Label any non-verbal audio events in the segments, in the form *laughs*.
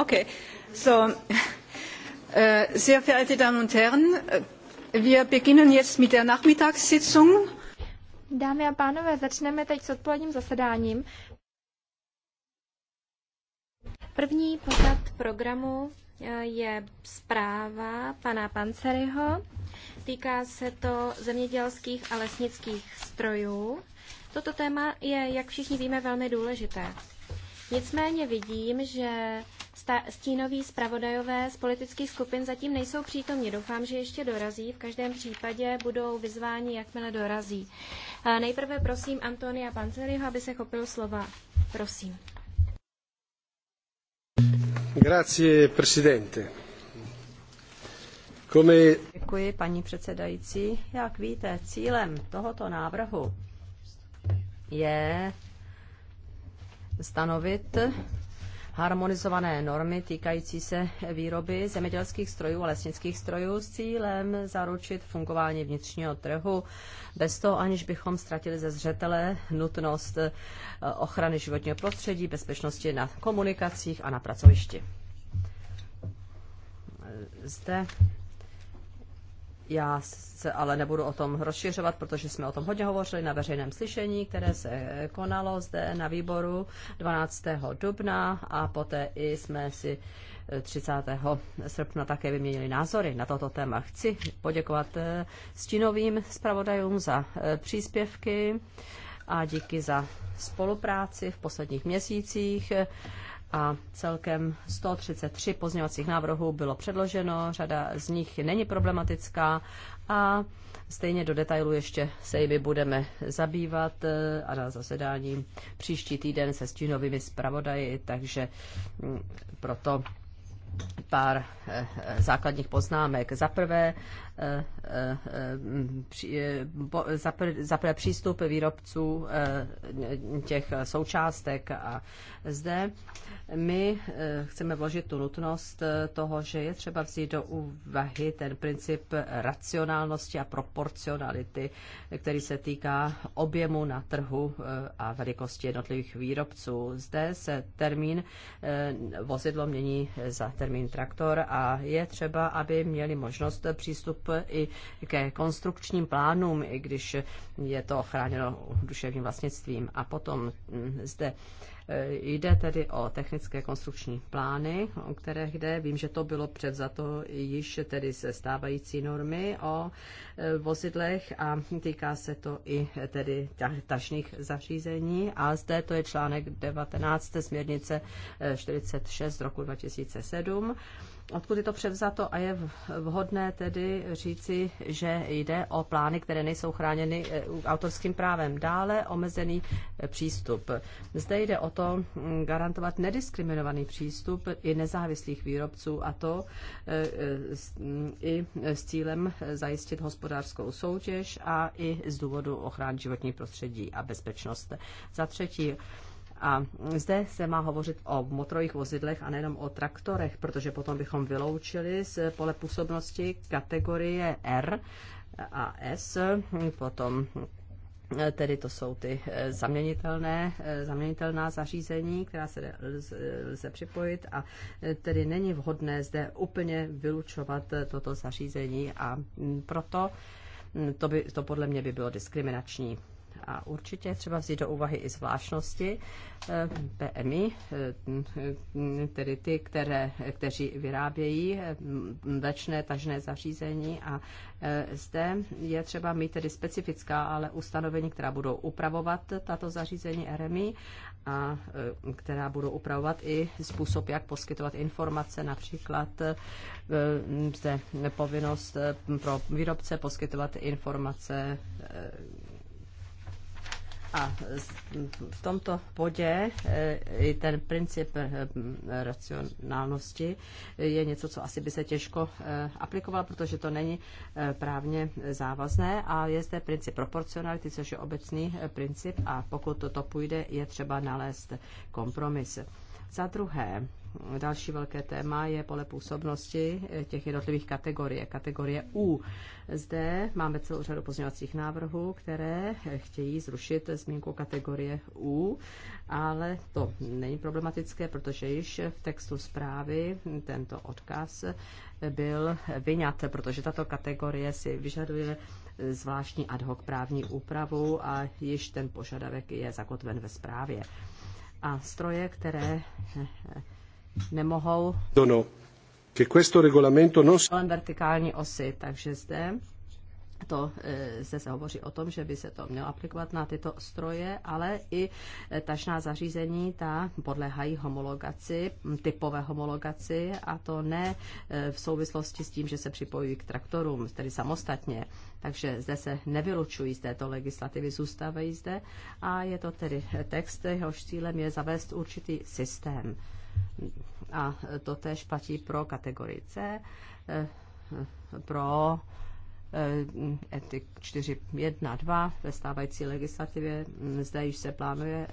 Okay. So, *laughs* äh, sehr verehrte Damen und Herren, äh, wir beginnen jetzt mit der Nachmittagssitzung. Dámy a pánové, začneme teď s odpoledním zasedáním. První pořad programu äh, je zpráva pana Panceryho. Týká se to zemědělských a lesnických strojů. Toto téma je, jak všichni víme, velmi důležité. Nicméně vidím, že stínoví zpravodajové z politických skupin zatím nejsou přítomni. Doufám, že ještě dorazí. V každém případě budou vyzváni, jakmile dorazí. Nejprve prosím Antonia Panzeriho, aby se chopil slova. Prosím. Grazie, presidente. Come... Děkuji, paní předsedající. Jak víte, cílem tohoto návrhu je stanovit harmonizované normy týkající se výroby zemědělských strojů a lesnických strojů s cílem zaručit fungování vnitřního trhu bez toho, aniž bychom ztratili ze zřetele nutnost eh, ochrany životního prostředí, bezpečnosti na komunikacích a na pracovišti. Zde já se ale nebudu o tom rozšiřovat, protože jsme o tom hodně hovořili na veřejném slyšení, které se konalo zde na výboru 12. dubna a poté i jsme si 30. Eh, srpna také vyměnili názory na toto téma. Chci poděkovat eh, stínovým zpravodajům za eh, příspěvky a díky za spolupráci v posledních měsících a celkem 133 pozměňovacích návrhů bylo předloženo, řada z nich není problematická a stejně do detailu ještě se jimi budeme zabývat eh, a na zasedání příští týden se stínovými zpravodaji, takže mm, proto pár eh, eh, základních poznámek. Za prvé, zaprvé přístup výrobců eh, těch součástek. A zde my eh, chceme vložit tu nutnost eh, toho, že je třeba vzít do úvahy ten princip racionálnosti a proporcionality, který se týká objemu na trhu a velikosti jednotlivých výrobců. Zde se termín vozidlo mění za termín traktor a je třeba, aby měli možnost přístup i ke konstrukčním plánům, i když je to chráněno duševním vlastnictvím. A potom mm, zde e, Jde tedy o technické konstrukční plány, o které jde. Vím, že to bylo převzato již tedy se stávající normy o e, vozidlech a týká se to i e, tedy tašných zařízení. A zde to je článek 19 směrnice 46 z roku 2007 odkud je to převzato a je vhodné tedy říci, že jde o plány, které nejsou chráněny eh, autorským právem. Dále omezený eh, přístup. Zde jde o to mm, garantovat nediskriminovaný přístup i nezávislých výrobců a to eh, mm, i s cílem zajistit hospodářskou soutěž a i z důvodu ochrany životní prostředí a bezpečnost. Za třetí, a zde se má hovořit o motorových vozidlech a nejenom o traktorech, protože potom bychom vyloučili z pole působnosti kategorie R a S, potom eh, tedy to jsou ty eh, zaměnitelné, eh, zaměnitelná zařízení, která se lze připojit a tedy není vhodné zde úplně vylučovat toto zařízení a mm, proto mm, to, by, to podle mě by bylo diskriminační. A určitě třeba vzít do úvahy i zvláštnosti eh, PMI, eh, tedy ty, které, kteří vyrábějí mlečné eh, tažné zařízení a zde je třeba mít tedy specifická, ale ustanovení, která budou upravovat tato zařízení RMI a která budou upravovat i způsob, jak poskytovat informace, například zde povinnost pro výrobce poskytovat informace a v tomto bodě eh, i ten princip eh, racionálnosti je něco, co asi by se těžko eh, aplikovalo, protože to není právně závazné a je zde princip proporcionality, což je obecný princip a pokud to půjde, je třeba nalézt kompromis. Za druhé, Další velké téma je pole působnosti eh, těch jednotlivých kategorie. Kategorie U. Zde máme celou řadu pozměňovacích návrhů, které eh, chtějí zrušit zmínku kategorie U, ale to není problematické, protože již v textu zprávy tento odkaz byl vyňat, protože tato kategorie si vyžaduje zvláštní ad hoc právní úpravu a již ten požadavek je zakotven ve zprávě. A stroje, které eh, nemohou no, no, che questo regolamento non... kolem vertikální osy, takže zde to e, zde se hovoří o tom, že by se to mělo aplikovat na tyto stroje, ale i e, tašná zařízení ta podléhají homologaci, typové homologaci a to ne e, v souvislosti s tím, že se připojují k traktorům, tedy samostatně. Takže zde se nevylučují z této legislativy, zůstávají zde a je to tedy text, jehož cílem je zavést určitý systém a to tež platí pro kategorii C, eh, pro eh, etik 4, 1, 2 ve stávající legislativě. Mm, zde již se plánuje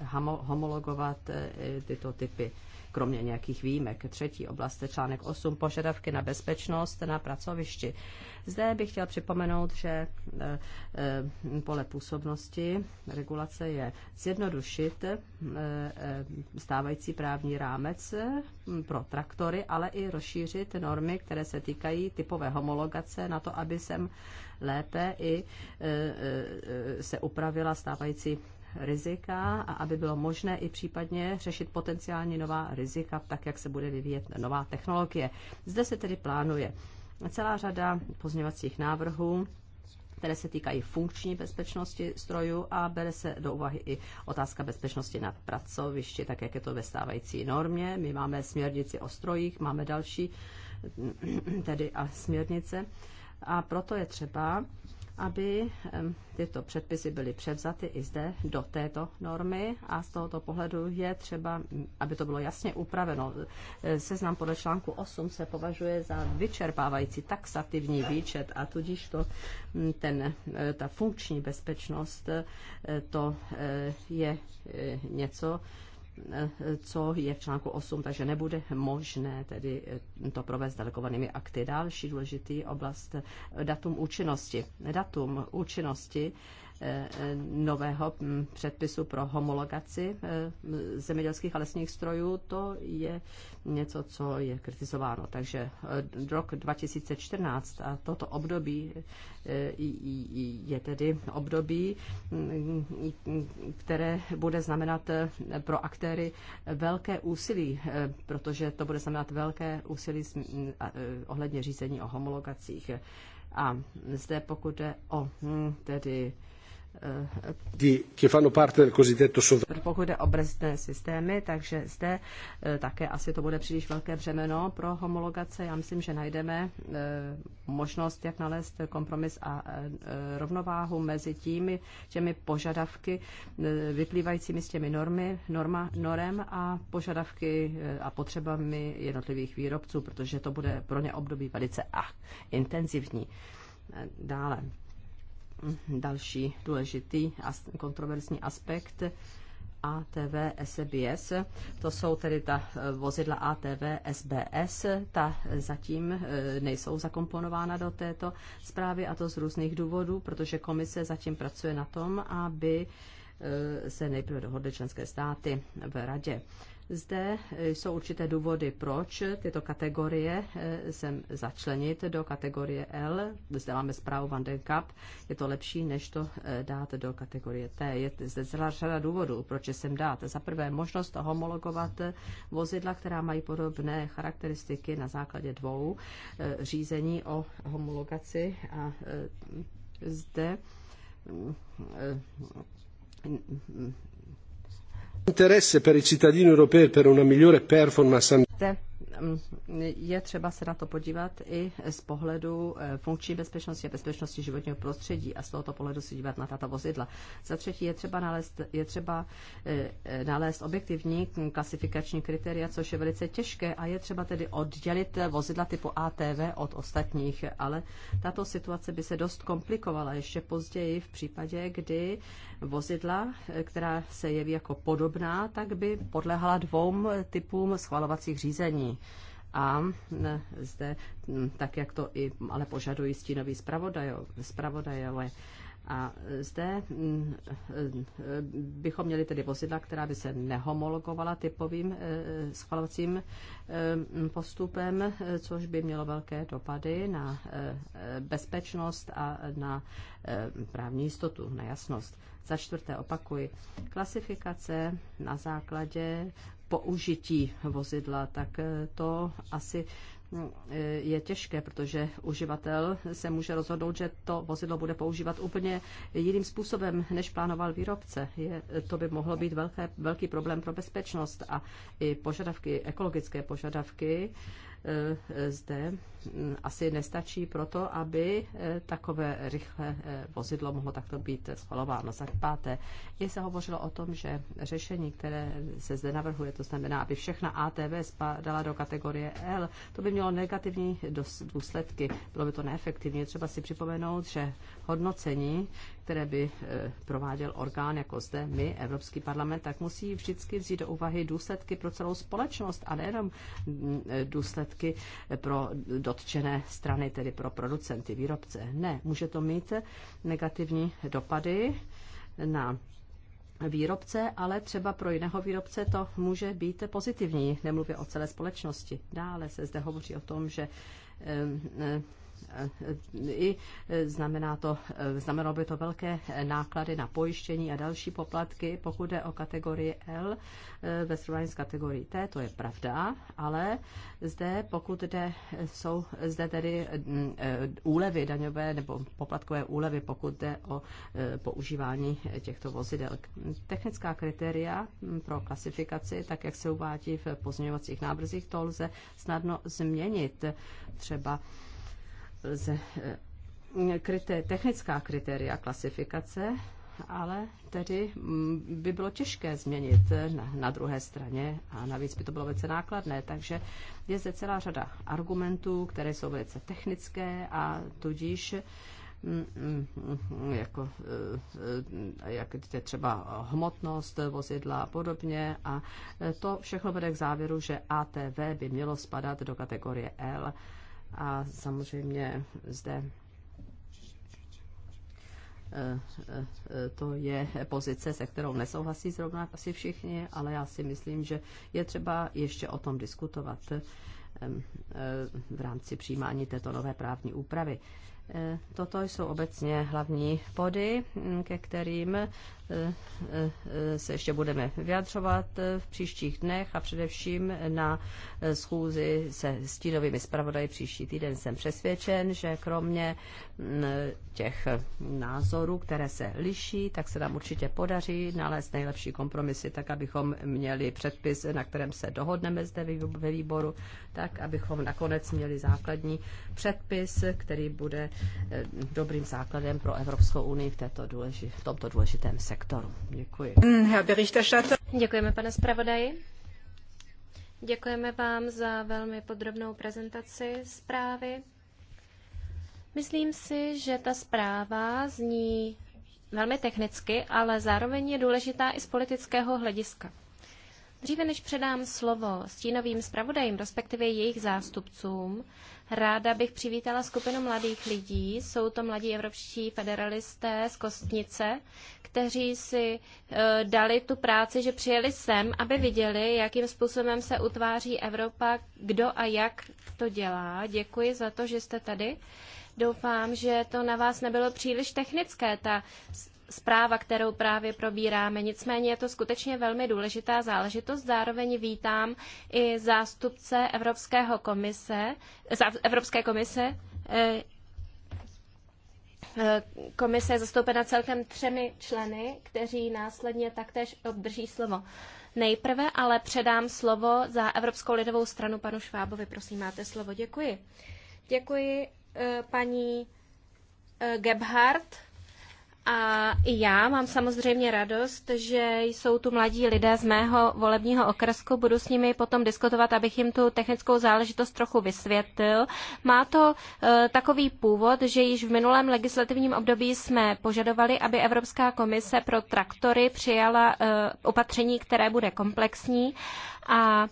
homologovat eh, tyto typy kromě nějakých výjimek. Třetí oblast je článek 8, požadavky na bezpečnost na pracovišti. Zde bych chtěl připomenout, že e, e, pole působnosti regulace je zjednodušit e, stávající právní rámec pro traktory, ale i rozšířit normy, které se týkají typové homologace na to, aby sem lépe i se upravila stávající rizika a aby bylo možné i případně řešit potenciálně nová rizika, tak jak se bude vyvíjet nová technologie. Zde se tedy plánuje celá řada pozměvacích návrhů, které se týkají funkční bezpečnosti strojů a bere se do úvahy i otázka bezpečnosti na pracovišti, tak jak je to ve stávající normě. My máme směrnici o strojích, máme další mm, mm, tedy a směrnice. A proto je třeba aby tyto předpisy byly převzaty i zde do této normy a z tohoto pohledu je třeba, aby to bylo jasně upraveno. Seznam podle článku 8 se považuje za vyčerpávající taxativní výčet a tudíž to, ten, e, ta funkční bezpečnost e, to e, je něco, co je v článku 8, takže nebude možné tedy eh, to provést delegovanými akty. Další důležitý oblast eh, datum účinnosti. Datum účinnosti Eh, eh, nového mm, předpisu pro homologaci eh, mm, zemědělských a lesních strojů, to je něco, co je kritizováno. Takže rok 2014 a toto období je tedy období, mm, které bude znamenat pro aktéry velké úsilí, protože to bude znamenat velké úsilí ohledně řízení o homologacích. A zde pokud jde o tedy pokud jde o brzdné systémy, takže zde e, také asi to bude příliš velké břemeno pro homologace. Já myslím, že najdeme e, možnost, jak nalézt kompromis a e, rovnováhu mezi tím, těmi požadavky vyplývajícími z těmi normy, norma, norem a požadavky a potřebami jednotlivých výrobců, protože to bude pro ně období velice a intenzivní. Dále Mhm, další důležitý a kontroverzní aspekt ATV SBS. To jsou tedy ta eh, vozidla ATV SBS. Ta eh, zatím eh, nejsou zakomponována do této zprávy a to z různých důvodů, protože komise zatím pracuje na tom, aby se nejprve dohodly členské státy v radě. Zde jsou určité důvody, proč tyto kategorie eh, sem začlenit do kategorie L. Zde máme zprávu Van den Cup. Je to lepší, než to eh, dát do kategorie T. Je zde celá řada důvodů, proč je sem dát. Za prvé možnost homologovat eh, vozidla, která mají podobné charakteristiky na základě dvou řízení o homologaci a zde mm, Interesse per i cittadini europei per una migliore performance je třeba se na to podívat i z pohledu eh, funkční bezpečnosti a bezpečnosti životního prostředí a z tohoto pohledu se dívat na tato vozidla. Za třetí je třeba nalézt, je třeba eh, eh, nalézt objektivní klasifikační kritéria, což je velice těžké a je třeba tedy oddělit vozidla typu ATV od ostatních, ale tato situace by se dost komplikovala ještě později v případě, kdy vozidla, která se jeví jako podobná, tak by podlehala dvou typům schvalovacích řízení. A e, zde, tak jak to i ale požadují stínoví zpravodajové, a zde mm, eh, bychom měli tedy vozidla, která by se nehomologovala typovým eh, schvalovacím eh, postupem, což by mělo velké dopady na bezpečnost a na právní jistotu, na jasnost. Za čtvrté opakuji, klasifikace na základě použití vozidla, tak to asi Eh, je těžké, protože uživatel se může rozhodnout, že to vozidlo bude používat úplně jiným způsobem, než plánoval výrobce. Je, to by mohlo být velké, velký problém pro bezpečnost a i požadavky, ekologické požadavky Eh, zde hm, asi nestačí pro to, aby eh, takové rychlé eh, vozidlo mohlo takto být schvalováno. Za páté, je se hovořilo o tom, že řešení, které se zde navrhuje, to znamená, aby všechna ATV spadala do kategorie L, to by mělo negativní důsledky, bylo by to neefektivní. Třeba si připomenout, že hodnocení, které by eh, prováděl orgán jako zde my, Evropský parlament, tak musí vždycky vzít do úvahy důsledky pro celou společnost a nejenom mm, eh, důsledky pro dotčené strany, tedy pro producenty, výrobce. Ne, může to mít negativní dopady na výrobce, ale třeba pro jiného výrobce to může být pozitivní, nemluvě o celé společnosti. Dále se zde hovoří o tom, že eh, i e, znamená to, e, znamenalo by to velké náklady na pojištění a další poplatky, pokud jde o kategorii L e, ve srovnání s kategorií T, to je pravda, ale zde, pokud jde, jsou zde tedy úlevy daňové nebo poplatkové úlevy, pokud jde o používání těchto vozidel. Technická kritéria pro klasifikaci, tak jak se uvádí v pozměňovacích návrzích, to lze snadno změnit třeba lze eh, kryté, technická kritéria klasifikace, ale tedy mm, by bylo těžké změnit eh, na, na druhé straně a navíc by to bylo velice nákladné. Takže je zde celá řada argumentů, které jsou velice technické a tudíž mm, mm, jako, eh, jak je třeba hmotnost vozidla a podobně. A to všechno vede k závěru, že ATV by mělo spadat do kategorie L a samozřejmě zde eh, eh, eh, to je pozice, se kterou nesouhlasí zrovna asi všichni, ale já si myslím, že je třeba ještě o tom diskutovat v rámci přijímání této nové právní úpravy. Toto jsou obecně hlavní body, mm, ke kterým se ještě budeme vyjadřovat v příštích dnech a především na schůzi se stínovými zpravodaji příští týden jsem přesvědčen, že kromě mm, těch názorů, které se liší, tak se nám určitě podaří nalézt nejlepší kompromisy, tak abychom měli předpis, na kterém se dohodneme zde ve výboru, tak abychom nakonec měli základní předpis, který bude eh, dobrým základem pro Evropskou unii v, této důleži- v tomto důležitém sektoru sektoru. Děkuji. Děkujeme, pane zpravodaji. Děkujeme vám za velmi podrobnou prezentaci zprávy. Myslím si, že ta zpráva zní velmi technicky, ale zároveň je důležitá i z politického hlediska. Dříve než předám slovo stínovým zpravodajím, respektive jejich zástupcům, ráda bych přivítala skupinu mladých lidí. Jsou to mladí evropští federalisté z Kostnice, kteří si e, dali tu práci, že přijeli sem, aby viděli, jakým způsobem se utváří Evropa, kdo a jak to dělá. Děkuji za to, že jste tady. Doufám, že to na vás nebylo příliš technické, ta zpráva, kterou právě probíráme. Nicméně je to skutečně velmi důležitá záležitost. Zároveň vítám i zástupce Evropského komise, Evropské komise. Eh, eh, komise je zastoupena celkem třemi členy, kteří následně taktéž obdrží slovo. Nejprve ale předám slovo za Evropskou lidovou stranu panu Švábovi. Prosím, máte slovo. Děkuji. Děkuji eh, paní Gebhardt a i já mám samozřejmě radost, že jsou tu mladí lidé z mého volebního okresku. Budu s nimi potom diskutovat, abych jim tu technickou záležitost trochu vysvětlil. Má to e, takový původ, že již v minulém legislativním období jsme požadovali, aby Evropská komise pro traktory přijala e, opatření, které bude komplexní a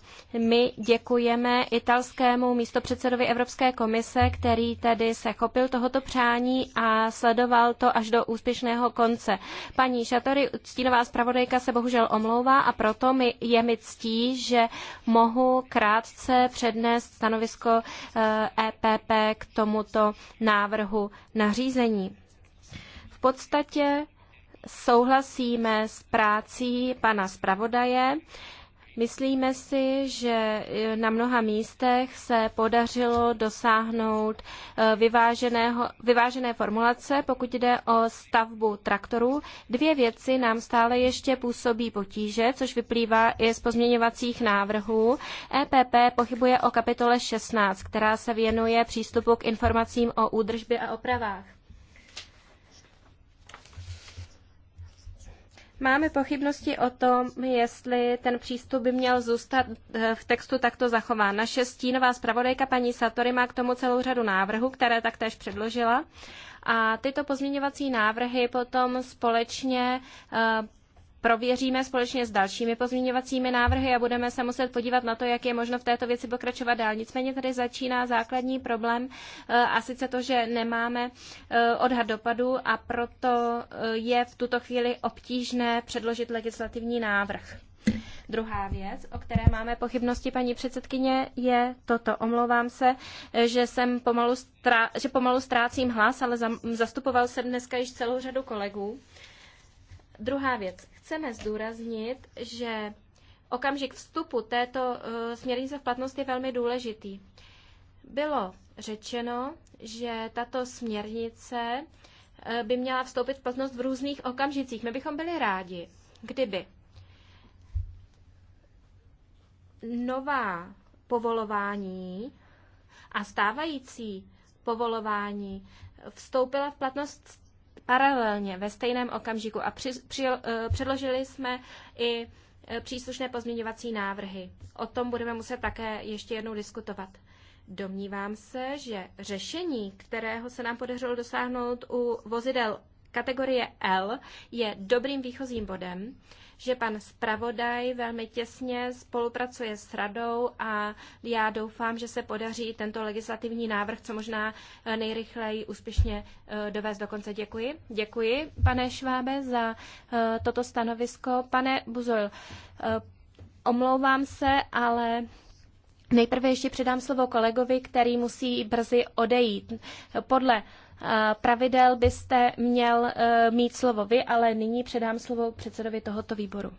my děkujeme italskému místopředsedovi Evropské komise, který tedy se chopil tohoto přání a sledoval to až do úspěšného konce. Paní Šatory, stínová zpravodajka, se bohužel omlouvá a proto mi, je mi ctí, že mohu krátce přednést stanovisko EPP eh, e k tomuto návrhu nařízení. V podstatě souhlasíme s prácí pana zpravodaje. Myslíme si, že e, na mnoha místech se podařilo dosáhnout e, vyváženého, vyvážené formulace, pokud jde o stavbu traktorů. Dvě věci nám stále ještě působí potíže, což vyplývá i z pozměňovacích návrhů. EPP pochybuje o kapitole 16, která se věnuje přístupu k informacím o údržbě a opravách. Máme pochybnosti o tom, jestli ten přístup by měl zůstat eh, v textu takto zachován. Naše stínová zpravodajka paní Satory má k tomu celou řadu návrhů, které taktéž předložila. A tyto pozměňovací návrhy potom společně eh, prověříme společně s dalšími pozměňovacími návrhy a budeme se muset podívat na to, jak je možno v této věci pokračovat dál. Nicméně tady začíná základní problém eh, a sice to, že nemáme eh, odhad dopadu a proto eh, je v tuto chvíli obtížné předložit legislativní návrh. Druhá věc, o které máme pochybnosti, paní předsedkyně, je toto. Omlouvám se, že, jsem pomalu, strá, že pomalu ztrácím hlas, ale zastupoval jsem dneska již celou řadu kolegů. Druhá věc chceme zdůraznit, že okamžik vstupu této eh, směrnice v platnost je velmi důležitý. Bylo řečeno, že tato směrnice eh, by měla vstoupit v platnost v různých okamžicích. My bychom byli rádi, kdyby nová povolování a stávající povolování vstoupila v platnost paralelně ve stejném okamžiku a při, při, eh, předložili jsme i eh, příslušné pozměňovací návrhy. O tom budeme muset také ještě jednou diskutovat. Domnívám se, že řešení, kterého se nám podařilo dosáhnout u vozidel kategorie L, je dobrým výchozím bodem že pan zpravodaj velmi těsně spolupracuje s radou a já doufám, že se podaří tento legislativní návrh co možná eh, nejrychleji úspěšně eh, dovést do konce. Děkuji. Děkuji, pane Švábe, za eh, toto stanovisko. Pane Buzol, omlouvám se, ale Nejprve ještě předám slovo kolegovi, který musí brzy odejít. Podle pravidel byste měl e, mít slovo vy, ale nyní předám slovo předsedovi tohoto výboru.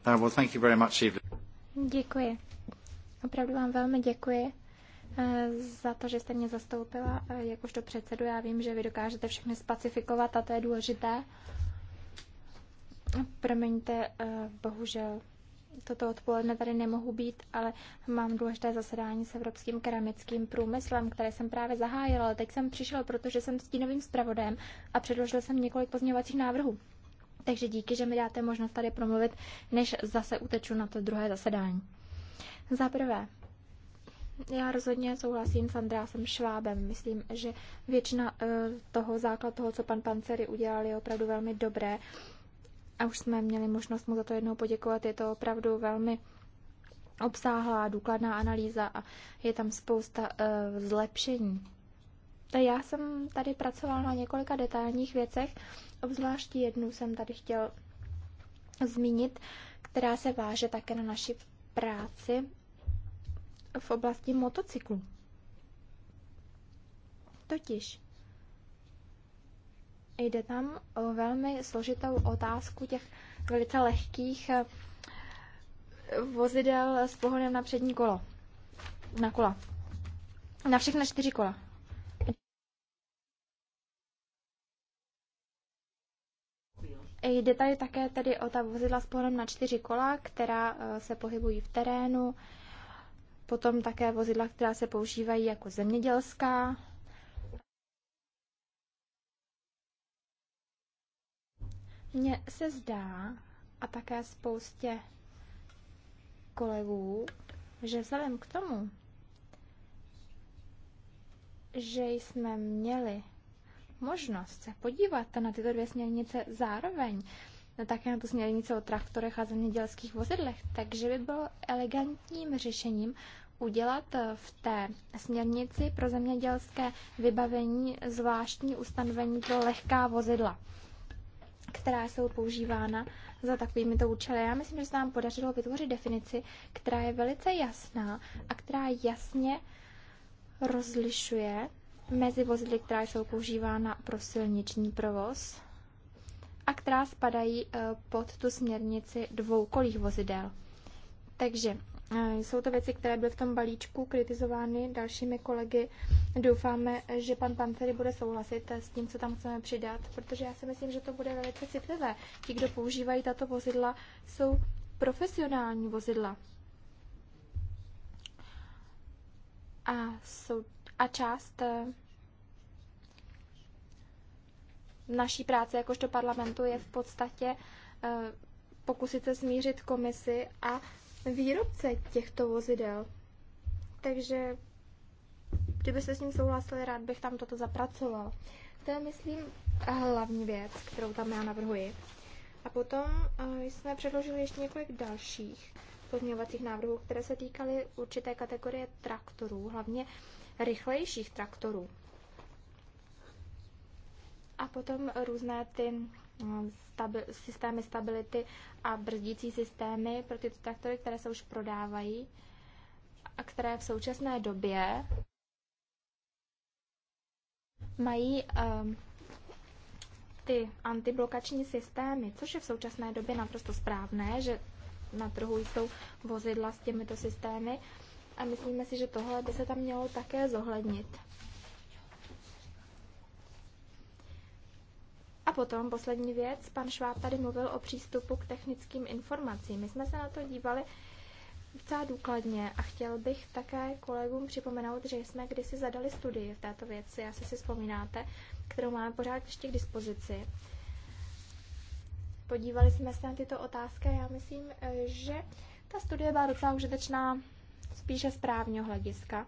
Uh, děkuji. Opravdu vám velmi děkuji e, za to, že jste mě zastoupila e, jakožto předsedu. Já vím, že vy dokážete všechny spacifikovat a to je důležité. Promiňte, bohužel toto odpoledne tady nemohu být, ale mám důležité zasedání s evropským keramickým průmyslem, které jsem právě zahájila, ale teď jsem přišel, protože jsem stínovým zpravodem a předložil jsem několik pozměňovacích návrhů. Takže díky, že mi dáte možnost tady promluvit, než zase uteču na to druhé zasedání. Za prvé, já rozhodně souhlasím s Andrásem Švábem. Myslím, že většina eh, toho základ toho, co pan Panceri udělal, je opravdu velmi dobré a už jsme měli možnost mu za to jednou poděkovat. Je to opravdu velmi obsáhlá, důkladná analýza a je tam spousta uh, zlepšení. Já jsem tady pracovala na několika detailních věcech, obzvlášť jednu jsem tady chtěl zmínit, která se váže také na naši práci v oblasti motocyklu. Totiž Jde tam o velmi složitou otázku těch velice lehkých eh, vozidel s pohonem na přední kolo. Na kola. Na všechna čtyři kola. Jde tady také tedy o ta vozidla s pohonem na čtyři kola, která eh, se pohybují v terénu. Potom také vozidla, která se používají jako zemědělská Mně se zdá, a také spoustě kolegů, že vzhledem k tomu, že jsme měli možnost se podívat na tyto dvě směrnice zároveň, také na tu směrnici o traktorech a zemědělských vozidlech, takže by bylo elegantním řešením udělat eh, v té směrnici pro zemědělské vybavení zvláštní ustanovení pro lehká vozidla která jsou používána za takovými to účely. Já myslím, že se nám podařilo vytvořit definici, která je velice jasná a která jasně rozlišuje mezi vozidly, která jsou používána pro silniční provoz a která spadají eh, pod tu směrnici dvoukolých vozidel. Takže Eh, jsou to věci, které byly v tom balíčku kritizovány dalšími kolegy. Doufáme, že pan Pancery bude souhlasit eh, s tím, co tam chceme přidat, protože já si myslím, že to bude velice citlivé. Ti, kdo používají tato vozidla, jsou profesionální vozidla. A, jsou, a část eh, naší práce jakožto parlamentu je v podstatě pokusit se smířit komisi a výrobce těchto vozidel. Takže kdybyste s ním souhlasili, rád bych tam toto zapracoval. To je, myslím, hlavní věc, kterou tam já navrhuji. A potom eh, jsme předložili ještě několik dalších pozměňovacích návrhů, které se týkaly určité kategorie traktorů, hlavně rychlejších traktorů. A potom různé ty Eh, stabi- systémy stability a brzdící systémy pro tyto traktory, které se už prodávají a které v současné době mají um, ty antiblokační systémy, což je v současné době naprosto správné, že na trhu jsou vozidla s těmito systémy a myslíme si, že tohle by se tam mělo také zohlednit. A potom poslední věc, pan Šváb tady mluvil o přístupu k technickým informacím. My jsme se na to dívali docela důkladně a chtěl bych také kolegům připomenout, že jsme kdysi zadali studii v této věci, asi si vzpomínáte, kterou máme pořád ještě k dispozici. Podívali jsme se na tyto otázky a já myslím, že ta studie byla docela užitečná spíše z právního hlediska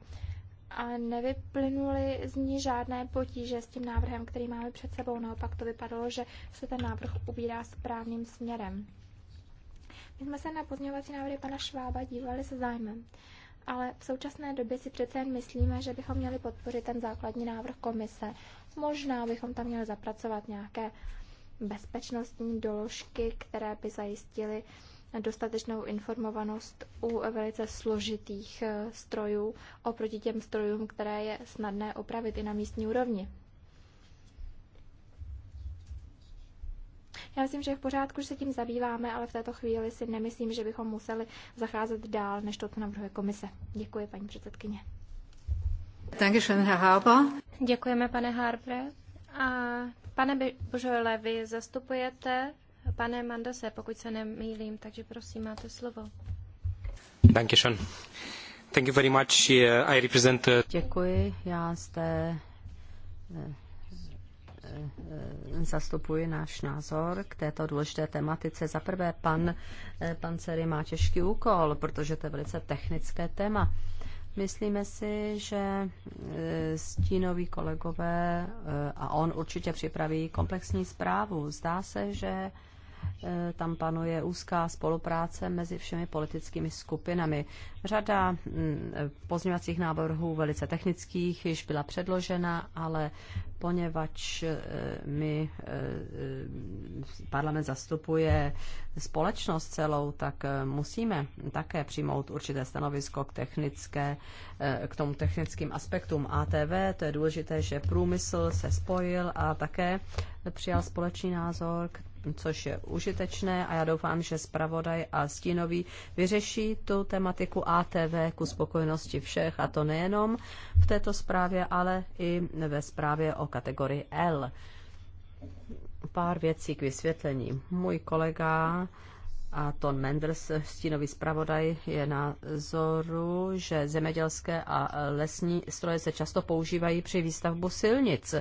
a nevyplynuly z ní žádné potíže s tím návrhem, který máme před sebou. Naopak to vypadalo, že se ten návrh ubírá správným směrem. My jsme se na pozměňovací návrhy pana Švába dívali se zájmem, ale v současné době si přece jen myslíme, že bychom měli podpořit ten základní návrh komise. Možná bychom tam měli zapracovat nějaké bezpečnostní doložky, které by zajistily dostatečnou informovanost u velice složitých eh, strojů oproti těm strojům, které je snadné opravit i na místní úrovni. Já myslím, že je v pořádku, že se tím zabýváme, ale v této chvíli si nemyslím, že bychom museli zacházet dál, než to, co navrhuje komise. Děkuji, paní předsedkyně. Děkujeme, pane Harbre. A pane Božojle, vy zastupujete pane Mandase, pokud se nemýlím, takže prosím, máte slovo. Dankeschön. Thank you very much. I represent... Uh, Děkuji, já zde eh, eh, eh, zastupuji náš názor k této důležité tematice. Za prvé, pan, pan Cery má těžký úkol, protože to je velice technické téma. Myslíme si, že stínoví kolegové a on určitě připraví komplexní zprávu. Zdá se, že Eh, tam panuje úzká spolupráce mezi všemi politickými skupinami. Řada mm, eh, pozměňovacích návrhů velice technických již byla předložena, ale poněvadž eh, mi parlament zastupuje společnost celou, tak musíme také přijmout určité stanovisko k technické, k tomu technickým aspektům ATV. To je důležité, že průmysl se spojil a také přijal společný názor k což je užitečné a já doufám, že zpravodaj a stínový vyřeší tu tematiku ATV ku spokojenosti všech a to nejenom v této zprávě, ale i ve zprávě o kategorii L. Pár věcí k vysvětlení. Můj kolega a Ton Menders, stínový zpravodaj, je na zoru, že zemědělské a lesní stroje se často používají při výstavbu silnic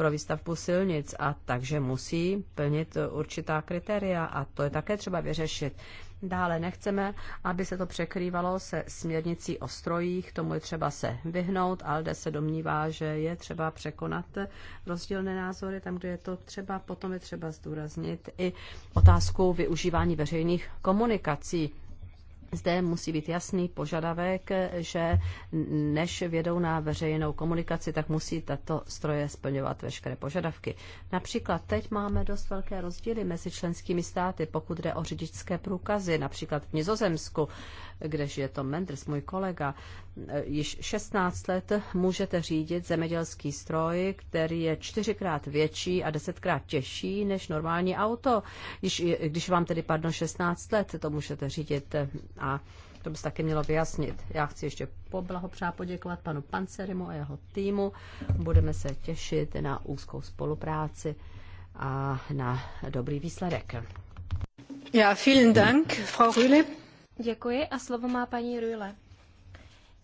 pro výstavbu silnic a takže musí plnit určitá kritéria a to je také třeba vyřešit. Dále nechceme, aby se to překrývalo se směrnicí o strojích, tomu je třeba se vyhnout. Alde se domnívá, že je třeba překonat rozdílné názory tam, kde je to třeba. Potom je třeba zdůraznit i otázku využívání veřejných komunikací zde musí být jasný požadavek, že než vědou na veřejnou komunikaci, tak musí tato stroje splňovat veškeré požadavky. Například teď máme dost velké rozdíly mezi členskými státy, pokud jde o řidičské průkazy. Například v Nizozemsku kdež je to Menders, můj kolega, eh, již 16 let můžete řídit zemědělský stroj, který je čtyřikrát větší a desetkrát těžší než normální auto. Již, když vám tedy padlo 16 let, to můžete řídit eh, a to by se taky mělo vyjasnit. Já chci ještě poblahopřát poděkovat panu Pancerimu a jeho týmu. Budeme se těšit na úzkou spolupráci a na dobrý výsledek. Ja, vielen Dank, Frau Rühle. Děkuji a slovo má paní Rujle.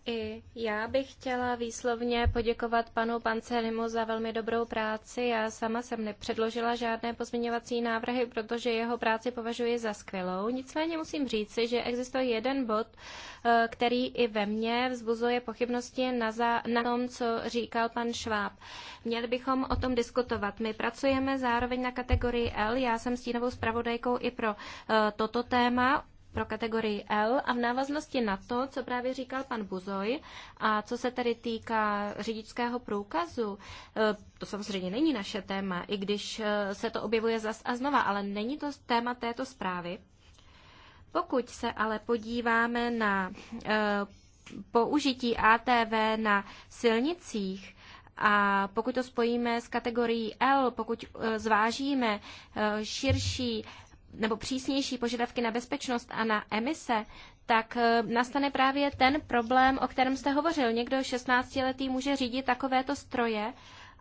I já bych chtěla výslovně poděkovat panu Pancerimu za velmi dobrou práci. Já sama jsem nepředložila žádné pozměňovací návrhy, protože jeho práci považuji za skvělou. Nicméně musím říci, že existuje jeden bod, eh, který i ve mně vzbuzuje pochybnosti na, za, na tom, co říkal pan Šváb. Měli bychom o tom diskutovat. My pracujeme zároveň na kategorii L. Já jsem stínovou zpravodajkou i pro eh, toto téma pro kategorii L a v návaznosti na to, co právě říkal pan Buzoj a co se tedy týká řidičského průkazu, eh, to samozřejmě není naše téma, i když eh, se to objevuje zas a znova, ale není to téma této zprávy. Pokud se ale podíváme na eh, použití ATV na silnicích, a pokud to spojíme s kategorií L, pokud zvážíme širší nebo přísnější požadavky na bezpečnost a na emise, tak eh, nastane právě ten problém, o kterém jste hovořil. Někdo 16-letý může řídit takovéto stroje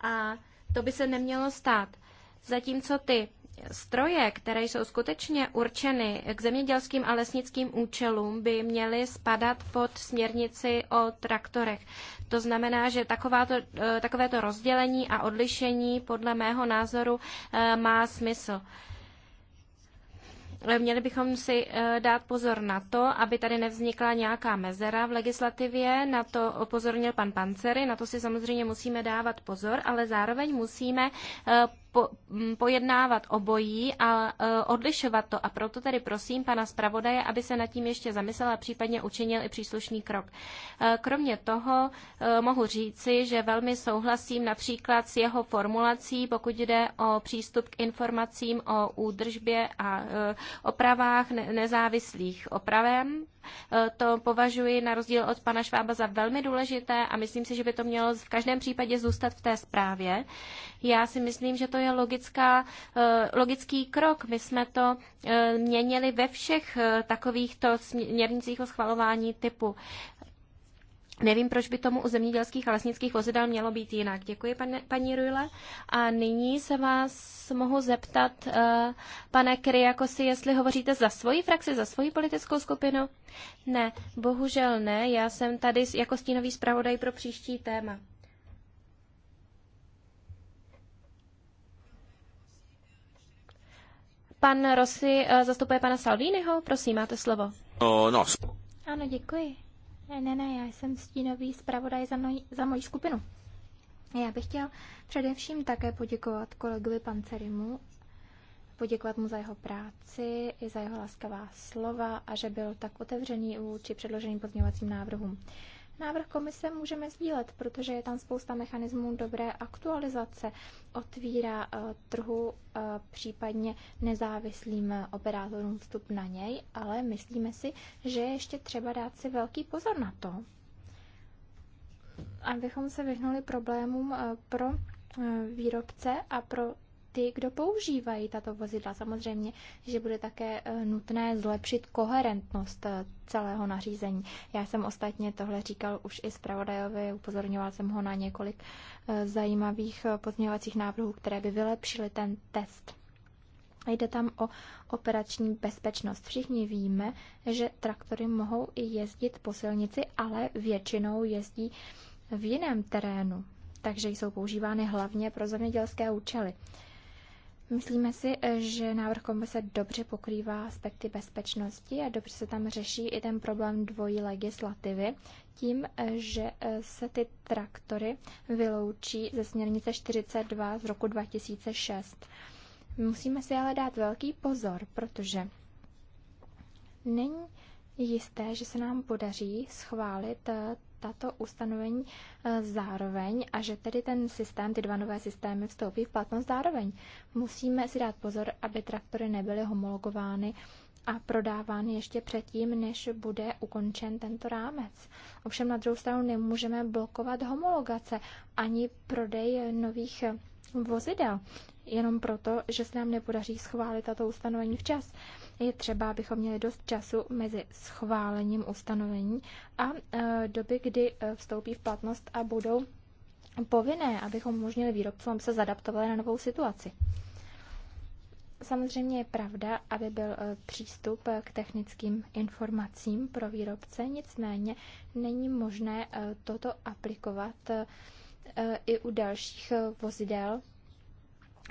a to by se nemělo stát. Zatímco ty stroje, které jsou skutečně určeny k zemědělským a lesnickým účelům, by měly spadat pod směrnici o traktorech. To znamená, že takováto, eh, takovéto rozdělení a odlišení podle mého názoru eh, má smysl. Měli bychom si eh, dát pozor na to, aby tady nevznikla nějaká mezera v legislativě. Na to opozornil pan Pancery, na to si samozřejmě musíme dávat pozor, ale zároveň musíme eh, po, mm, pojednávat obojí a e, odlišovat to. A proto tedy prosím pana zpravodaje, aby se nad tím ještě zamyslel a případně učinil i příslušný krok. E, kromě toho e, mohu říci, že velmi souhlasím například s jeho formulací, pokud jde o přístup k informacím o údržbě a opravách nezávislých opravem. To považuji na rozdíl od pana Švába za velmi důležité a myslím si, že by to mělo v každém případě zůstat v té zprávě. Já si myslím, že to je logická, eh, logický krok. My jsme to eh, měnili ve všech eh, takovýchto směrnicích o schvalování typu. Nevím, proč by tomu u zemědělských a lesnických vozidel mělo být jinak. Děkuji, pane, paní Rujle. A nyní se vás mohu zeptat, uh, pane Kryjakosi, jestli hovoříte za svoji frakci, za svoji politickou skupinu? Ne, bohužel ne. Já jsem tady jako stínový zpravodaj pro příští téma. Pan Rossi eh, zastupuje pana Salviniho, prosím, máte slovo. No, no. Ano, děkuji. Ne, ne, já jsem stínový zpravodaj za, moj, za moji skupinu. Já bych chtěl především také poděkovat kolegovi Pancerimu, poděkovat mu za jeho práci i za jeho laskavá slova a že byl tak otevřený vůči předloženým pozměňovacím návrhům. Uh, Návrh komise můžeme sdílet, protože je tam spousta mechanismů dobré aktualizace, otvírá eh, trhu eh, případně nezávislým eh, operátorům vstup na něj, ale myslíme si, že je ještě třeba dát si velký pozor na to, abychom se vyhnuli problémům pro výrobce a pro ty, kdo používají tato vozidla. Samozřejmě, že bude také eh, nutné zlepšit koherentnost eh, celého nařízení. Já jsem ostatně tohle říkal už i zpravodajovi, upozorňoval jsem ho na několik eh, zajímavých pozměňovacích návrhů, které by vylepšily ten test. Jde tam o operační bezpečnost. Všichni víme, že traktory mohou i jezdit po silnici, ale většinou jezdí v jiném terénu, takže jsou používány hlavně pro zemědělské účely. Myslíme si, eh, že návrh komise dobře pokrývá aspekty bezpečnosti a dobře se tam řeší i ten problém dvojí legislativy tím, eh, že eh, se ty traktory vyloučí ze směrnice 42 z roku 2006. Musíme si ale dát velký pozor, protože není jisté, že se nám podaří schválit eh, tato ustanovení eh, zároveň a že tedy ten systém, ty dva nové systémy vstoupí v platnost zároveň. Musíme si dát pozor, aby traktory nebyly homologovány a prodávány ještě předtím, než bude ukončen tento rámec. Ovšem na druhou stranu nemůžeme blokovat homologace ani prodej nových vozidel, jenom proto, že se nám nepodaří schválit tato ustanovení včas je třeba, abychom měli dost času mezi schválením ustanovení a e, doby, kdy e, vstoupí v platnost a budou povinné, abychom umožnili výrobcům, se zadaptovali na novou situaci. Samozřejmě je pravda, aby byl e, přístup k technickým informacím pro výrobce, nicméně není možné toto aplikovat i u dalších vozidel,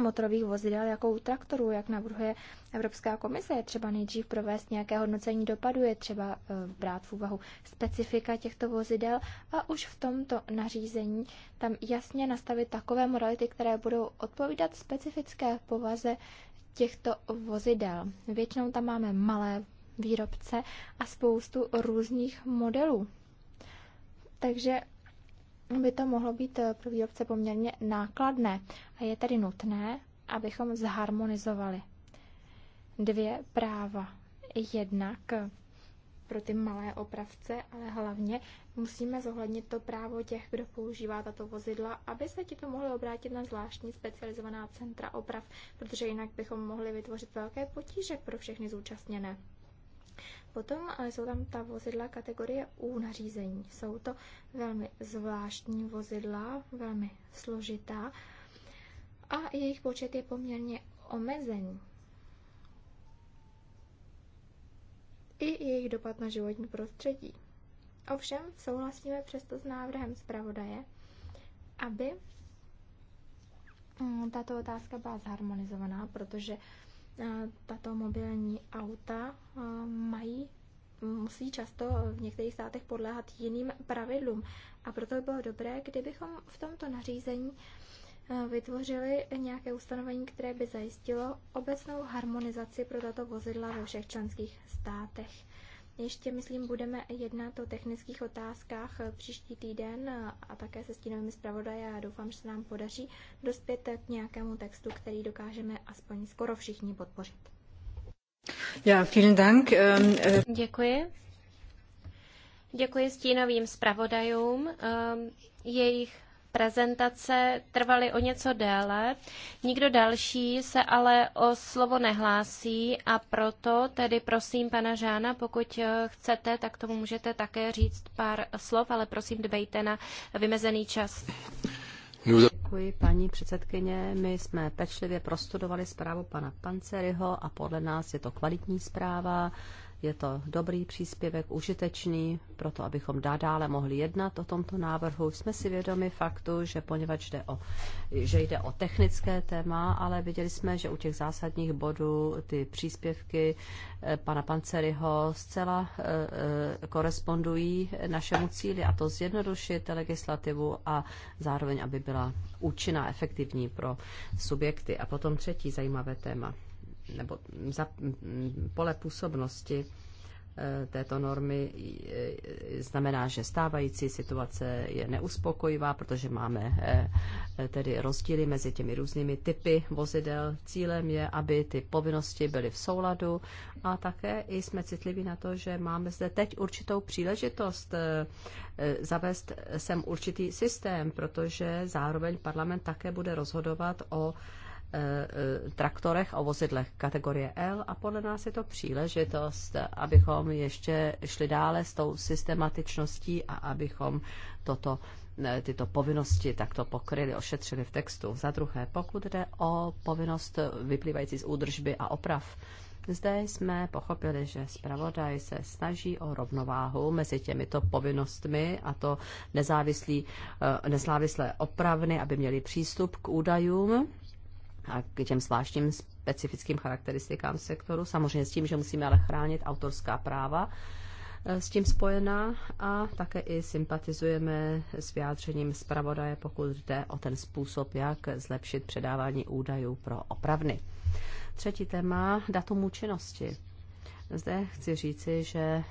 motorových vozidel jako u traktorů, jak navrhuje Evropská komise. Je třeba nejdřív provést nějaké hodnocení dopadu, je třeba eh, brát v úvahu specifika těchto vozidel a už v tomto nařízení tam jasně nastavit takové modality, které budou odpovídat specifické povaze těchto vozidel. Většinou tam máme malé výrobce a spoustu různých modelů. Takže by to mohlo být eh, pro výrobce poměrně nákladné a je tedy nutné, abychom zharmonizovali dvě práva. Jednak eh, pro ty malé opravce, ale hlavně musíme zohlednit to právo těch, kdo používá tato vozidla, aby se ti to mohli obrátit na zvláštní specializovaná centra oprav, protože jinak bychom mohli vytvořit velké potíže pro všechny zúčastněné. Potom jsou tam ta vozidla kategorie U nařízení. Jsou to velmi zvláštní vozidla, velmi složitá a jejich počet je poměrně omezený. I jejich dopad na životní prostředí. Ovšem souhlasíme přesto s návrhem zpravodaje, aby mm, tato otázka byla zharmonizovaná, protože tato mobilní auta mají musí často v některých státech podléhat jiným pravidlům. A proto by bylo dobré, kdybychom v tomto nařízení vytvořili nějaké ustanovení, které by zajistilo obecnou harmonizaci pro tato vozidla ve všech členských státech. Ještě, myslím, budeme jednat o technických otázkách eh, příští týden eh, a také se stínovými zpravodaji a doufám, že se nám podaří dospět eh, k nějakému textu, který dokážeme aspoň skoro všichni podpořit. Já, vielen Dank. Ehm, Děkuji. Děkuji stínovým zpravodajům. Ehm, jejich prezentace trvaly o něco déle. Nikdo další se ale o slovo nehlásí a proto tedy prosím pana Žána, pokud eh, chcete, tak tomu můžete také říct pár slov, ale prosím dbejte na vymezený čas. Děkuji, paní předsedkyně. My jsme pečlivě prostudovali zprávu pana Panceryho a podle nás je to kvalitní zpráva. Je to dobrý příspěvek, užitečný, proto abychom dále mohli jednat o tomto návrhu. Jsme si vědomi faktu, že poněvadž jde o, že jde o technické téma, ale viděli jsme, že u těch zásadních bodů ty příspěvky eh, pana Panceryho zcela eh, eh, korespondují našemu cíli a to zjednodušit legislativu a zároveň, aby byla účinná, efektivní pro subjekty. A potom třetí zajímavé téma nebo za pole působnosti eh, této normy eh, znamená, že stávající situace je neuspokojivá, protože máme eh, tedy rozdíly mezi těmi různými typy vozidel. Cílem je, aby ty povinnosti byly v souladu a také i jsme citliví na to, že máme zde teď určitou příležitost zavést sem určitý systém, protože zároveň parlament také bude rozhodovat o Eh, eh, traktorech a vozidlech kategorie L a podle nás je to příležitost, abychom ještě šli dále s tou systematičností a abychom toto eh, tyto povinnosti takto pokryli, ošetřili v textu. Za druhé, pokud jde o povinnost vyplývající z údržby a oprav, zde jsme pochopili, že zpravodaj se snaží o rovnováhu mezi těmito povinnostmi a to nezávislé opravny, aby měli přístup k údajům a k těm zvláštním specifickým charakteristikám sektoru. Samozřejmě s tím, že musíme ale chránit autorská práva eh, s tím spojená a také i sympatizujeme s vyjádřením zpravodaje, pokud jde o ten způsob, jak zlepšit předávání údajů pro opravny. Třetí téma, datum účinnosti. Zde chci říci, že e,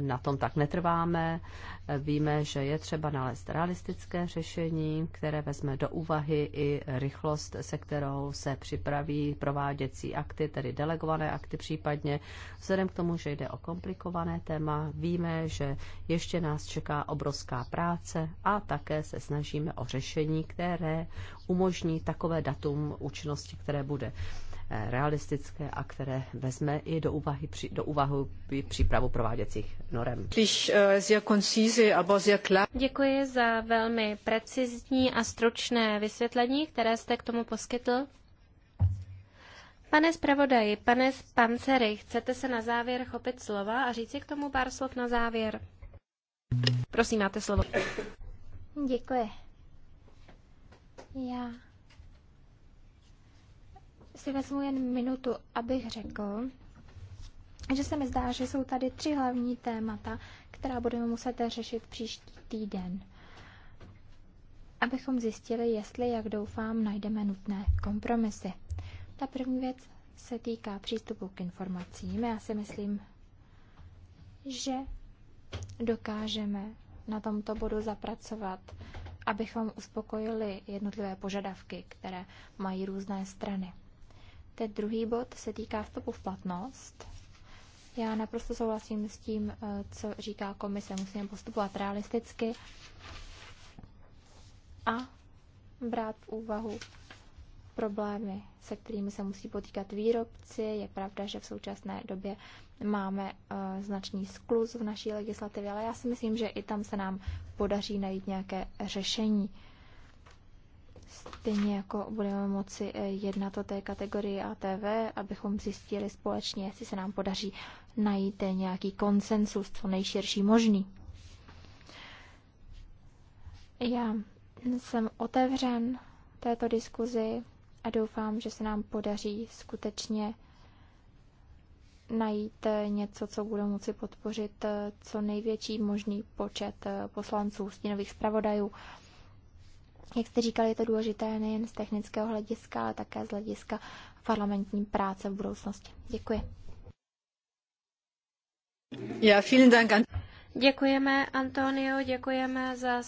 na tom tak netrváme. E, víme, že je třeba nalézt realistické řešení, které vezme do úvahy i rychlost, se kterou se připraví prováděcí akty, tedy delegované akty případně. Vzhledem k tomu, že jde o komplikované téma, víme, že ještě nás čeká obrovská práce a také se snažíme o řešení, které umožní takové datum účinnosti, které bude realistické a které vezme i do úvahy, do úvahu přípravu prováděcích norem. Eh, Děkuji za velmi precizní a stručné vysvětlení, které jste k tomu poskytl. Pane zpravodaji, pane Pancery, chcete se na závěr chopit slova a říci k tomu pár slov na závěr? Prosím, máte slovo. Děkuji. Já si vezmu jen minutu, abych řekl, že se mi zdá, že jsou tady tři hlavní témata, která budeme muset řešit příští týden, abychom zjistili, jestli, jak doufám, najdeme nutné kompromisy. Ta první věc se týká přístupu k informacím. Já si myslím, že dokážeme na tomto bodu zapracovat, abychom uspokojili jednotlivé požadavky, které mají různé strany. Ten druhý bod se týká vstupu v platnost. Já naprosto souhlasím s tím, eh, co říká komise. Musíme postupovat realisticky a brát v úvahu problémy, se kterými se musí potýkat výrobci. Je pravda, že v současné době máme eh, značný skluz v naší legislativě, ale já si myslím, že i tam se nám podaří najít nějaké řešení. Stejně jako budeme moci eh, jednat o té kategorii ATV, abychom zjistili společně, jestli se nám podaří najít eh, nějaký konsensus, co nejširší možný. Já jsem otevřen této diskuzi a doufám, že se nám podaří skutečně najít eh, něco, co bude moci podpořit co největší možný počet poslanců, stínových zpravodajů jak jste říkali, je to důležité nejen z technického hlediska, ale také z hlediska parlamentní práce v budoucnosti. Děkuji. Ja, vielen Dank. Děkujeme, Antonio, děkujeme za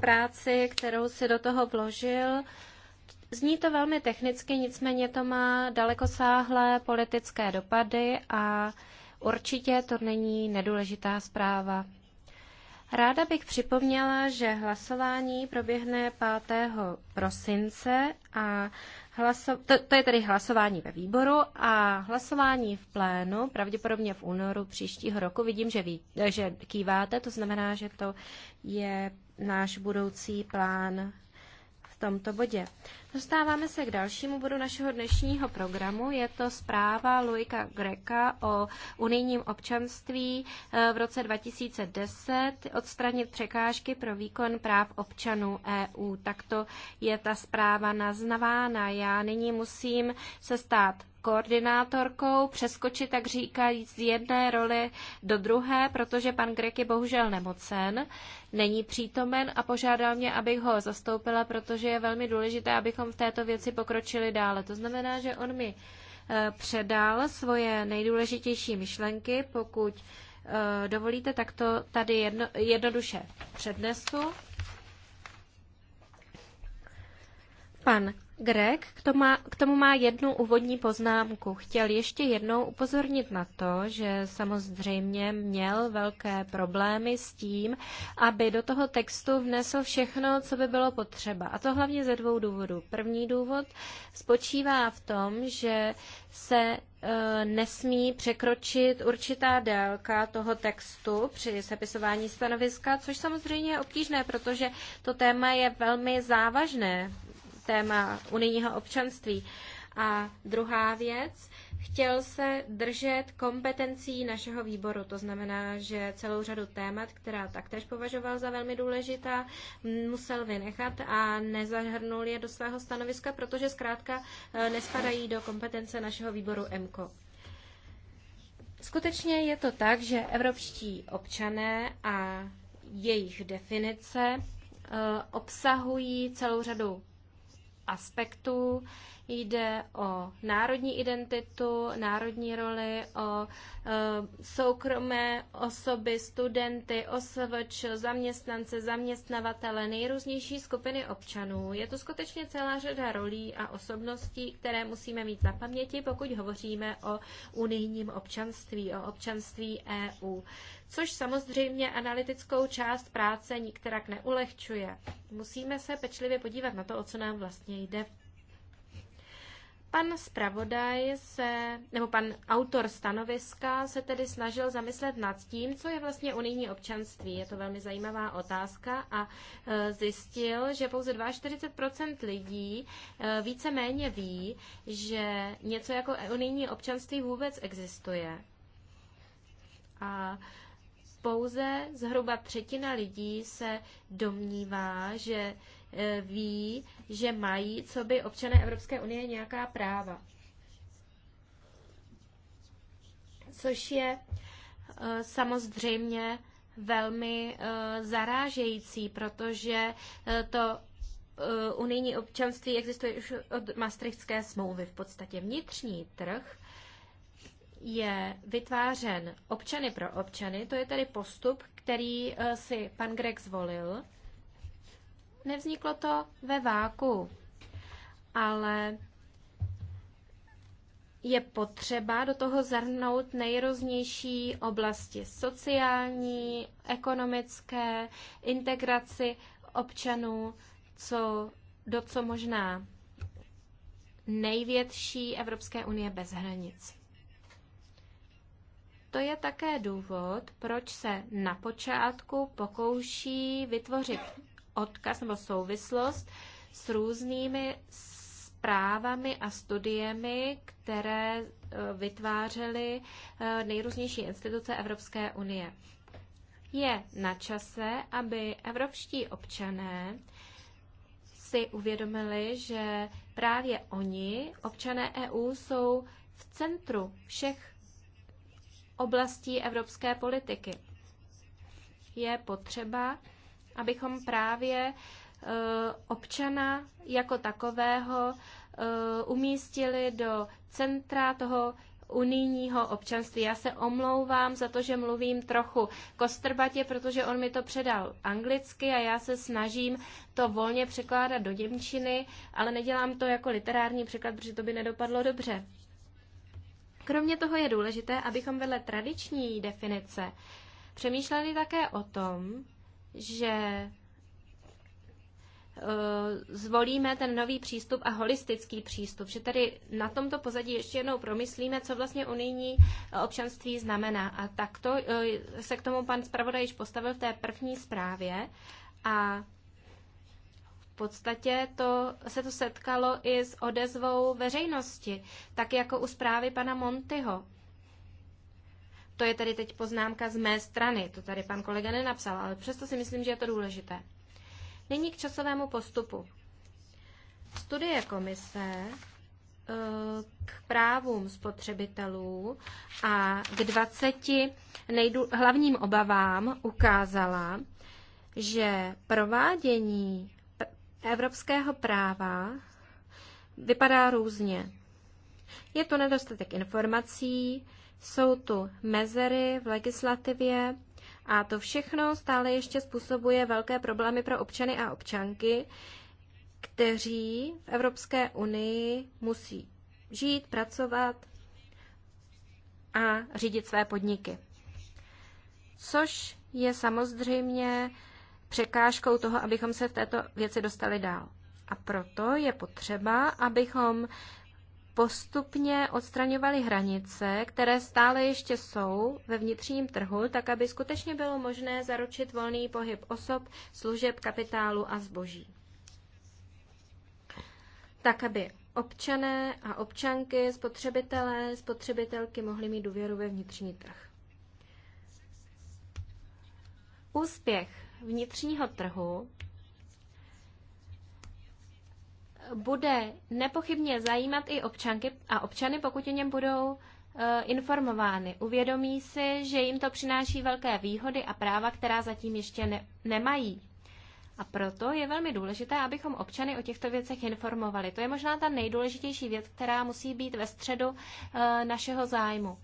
práci, kterou si do toho vložil. Zní to velmi technicky, nicméně to má dalekosáhlé politické dopady a určitě to není nedůležitá zpráva. Ráda bych připomněla, že hlasování proběhne 5. prosince a hlaso- to, to je tedy hlasování ve výboru a hlasování v plénu, pravděpodobně v únoru příštího roku. Vidím, že, ví, že kýváte, to znamená, že to je náš budoucí plán tomto bodě. Dostáváme se k dalšímu bodu našeho dnešního programu. Je to zpráva Luika Greka o unijním občanství eh, v roce 2010 odstranit překážky pro výkon práv občanů EU. Takto je ta zpráva naznavána. Já nyní musím se stát koordinátorkou, přeskočit tak říkajíc z jedné roli do druhé, protože pan Grek je bohužel nemocen, není přítomen a požádal mě, abych ho zastoupila, protože je velmi důležité, abychom v této věci pokročili dále. To znamená, že on mi eh, předal svoje nejdůležitější myšlenky, pokud eh, dovolíte, tak to tady jedno, jednoduše přednesu. Pan Greg k tomu, má, k tomu má jednu úvodní poznámku. Chtěl ještě jednou upozornit na to, že samozřejmě měl velké problémy s tím, aby do toho textu vnesl všechno, co by bylo potřeba. A to hlavně ze dvou důvodů. První důvod spočívá v tom, že se e, nesmí překročit určitá délka toho textu při sepisování stanoviska, což samozřejmě je obtížné, protože to téma je velmi závažné téma unijního občanství. A druhá věc, chtěl se držet kompetencí našeho výboru. To znamená, že celou řadu témat, která taktéž považoval za velmi důležitá, musel vynechat a nezahrnul je do svého stanoviska, protože zkrátka eh, nespadají do kompetence našeho výboru EMKO. Skutečně je to tak, že evropští občané a jejich definice eh, obsahují celou řadu aspektů. Jde o národní identitu, národní roli, o e, soukromé osoby, studenty, osvč, zaměstnance, zaměstnavatele, nejrůznější skupiny občanů. Je to skutečně celá řada rolí a osobností, které musíme mít na paměti, pokud hovoříme o unijním občanství, o občanství EU což samozřejmě analytickou část práce nikterak neulehčuje. Musíme se pečlivě podívat na to, o co nám vlastně jde Pan zpravodaj se, nebo pan autor stanoviska se tedy snažil zamyslet nad tím, co je vlastně unijní občanství. Je to velmi zajímavá otázka a e, zjistil, že pouze 42% lidí e, víceméně ví, že něco jako unijní občanství vůbec existuje. A pouze zhruba třetina lidí se domnívá, že E, ví, že mají, co by občané Evropské unie nějaká práva. Což je e, samozřejmě velmi e, zarážející, protože to unijní občanství existuje už od Maastrichtské smlouvy. V podstatě vnitřní trh je vytvářen občany pro občany, to je tedy postup, který si pan Greg zvolil nevzniklo to ve váku, ale je potřeba do toho zahrnout nejrůznější oblasti sociální, ekonomické, integraci občanů, co, do co možná největší Evropské unie bez hranic. To je také důvod, proč se na počátku pokouší vytvořit odkaz nebo souvislost s různými zprávami a studiemi, které e, vytvářely e, nejrůznější instituce Evropské unie. Je na čase, aby evropští občané si uvědomili, že právě oni, občané EU, jsou v centru všech oblastí evropské politiky. Je potřeba abychom právě e, občana jako takového e, umístili do centra toho unijního občanství. Já se omlouvám za to, že mluvím trochu kostrbatě, protože on mi to předal anglicky a já se snažím to volně překládat do Němčiny, ale nedělám to jako literární překlad, protože to by nedopadlo dobře. Kromě toho je důležité, abychom vedle tradiční definice přemýšleli také o tom, že eh, zvolíme ten nový přístup a holistický přístup, že tady na tomto pozadí ještě jednou promyslíme, co vlastně unijní eh, občanství znamená. A takto eh, se k tomu pan zpravodaj již postavil v té první zprávě a v podstatě to, se to setkalo i s odezvou veřejnosti, tak jako u zprávy pana Montyho. To je tady teď poznámka z mé strany, to tady pan kolega nenapsal, ale přesto si myslím, že je to důležité. Nyní k časovému postupu. Studie komise eh, k právům spotřebitelů a k 20 nejdu, hlavním obavám ukázala, že provádění evropského práva vypadá různě. Je to nedostatek informací, jsou tu mezery v legislativě a to všechno stále ještě způsobuje velké problémy pro občany a občanky, kteří v Evropské unii musí žít, pracovat a řídit své podniky. Což je samozřejmě překážkou toho, abychom se v této věci dostali dál. A proto je potřeba, abychom postupně odstraňovali hranice, které stále ještě jsou ve vnitřním trhu, tak aby skutečně bylo možné zaručit volný pohyb osob, služeb, kapitálu a zboží. Tak, aby občané a občanky, spotřebitelé, spotřebitelky mohli mít důvěru ve vnitřní trh. Úspěch vnitřního trhu bude nepochybně zajímat i občanky a občany, pokud o něm budou eh, informovány. Uvědomí si, že jim to přináší velké výhody a práva, která zatím ještě ne- nemají. A proto je velmi důležité, abychom občany o těchto věcech informovali. To je možná ta nejdůležitější věc, která musí být ve středu e, našeho zájmu.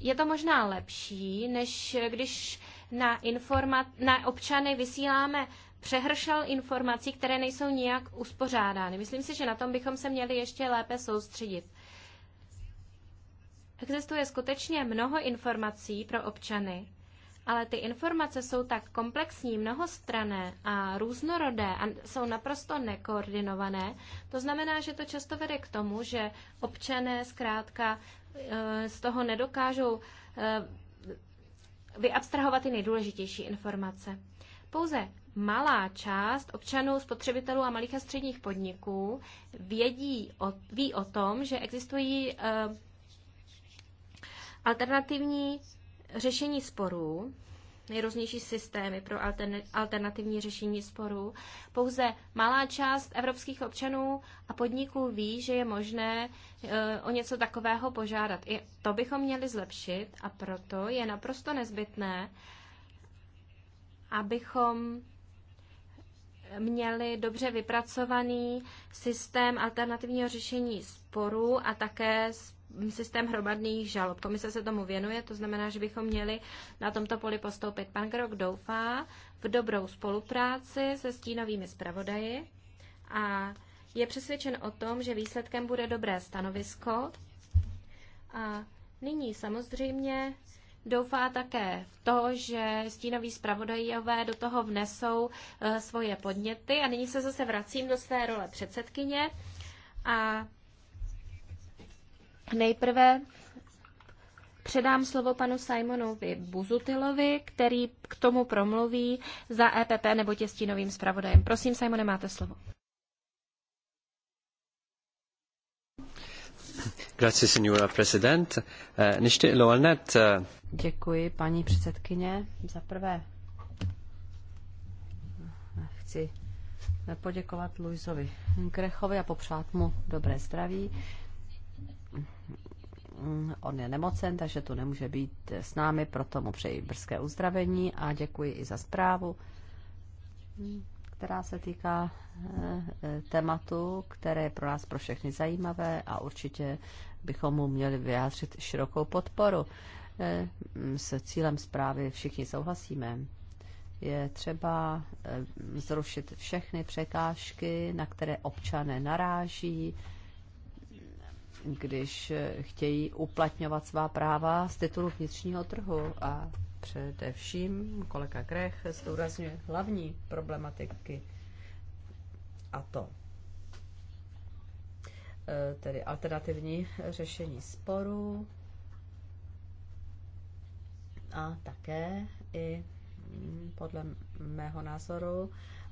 Je to možná lepší, než když na, informa- na občany vysíláme přehršel informací, které nejsou nijak uspořádány. Myslím si, že na tom bychom se měli ještě lépe soustředit. Existuje skutečně mnoho informací pro občany, ale ty informace jsou tak komplexní, mnohostrané a různorodé a jsou naprosto nekoordinované. To znamená, že to často vede k tomu, že občané zkrátka eh, z toho nedokážou eh, vyabstrahovat ty nejdůležitější informace. Pouze malá část občanů, spotřebitelů a malých a středních podniků vědí o, ví o tom, že existují uh, alternativní řešení sporů, nejrůznější systémy pro alternativní řešení sporů. Pouze malá část evropských občanů a podniků ví, že je možné eh, o něco takového požádat. I to bychom měli zlepšit a proto je naprosto nezbytné, abychom měli dobře vypracovaný systém alternativního řešení sporů a také systém hromadných žalob. Komise se tomu věnuje, to znamená, že bychom měli na tomto poli postoupit. Pan Krok doufá v dobrou spolupráci se stínovými zpravodaji a je přesvědčen o tom, že výsledkem bude dobré stanovisko. A nyní samozřejmě doufá také v to, že stínoví zpravodajové do toho vnesou eh, svoje podněty. A nyní se zase vracím do své role předsedkyně a Nejprve předám slovo panu Simonovi Buzutilovi, který k tomu promluví za EPP nebo těstinovým zpravodajem. Prosím, Simone, máte slovo. Grazie, signora president. Eh, Nešte Loalnet. Eh. Děkuji, paní předsedkyně. Za prvé chci poděkovat Luizovi Krechovi a popřát mu dobré zdraví on je nemocen, takže tu nemůže být s námi, proto mu přeji brzké uzdravení a děkuji i za zprávu, která se týká eh, eh, tématu, které je pro nás pro všechny zajímavé a určitě bychom mu měli vyjádřit širokou podporu. Eh, s cílem zprávy všichni souhlasíme. Je třeba zrušit všechny překážky, na které občané naráží, když eh, chtějí uplatňovat svá práva z titulu vnitřního trhu a především kolega Grech zdůrazňuje hlavní problematiky a to eh, tedy alternativní řešení sporu a také i mm, podle mého názoru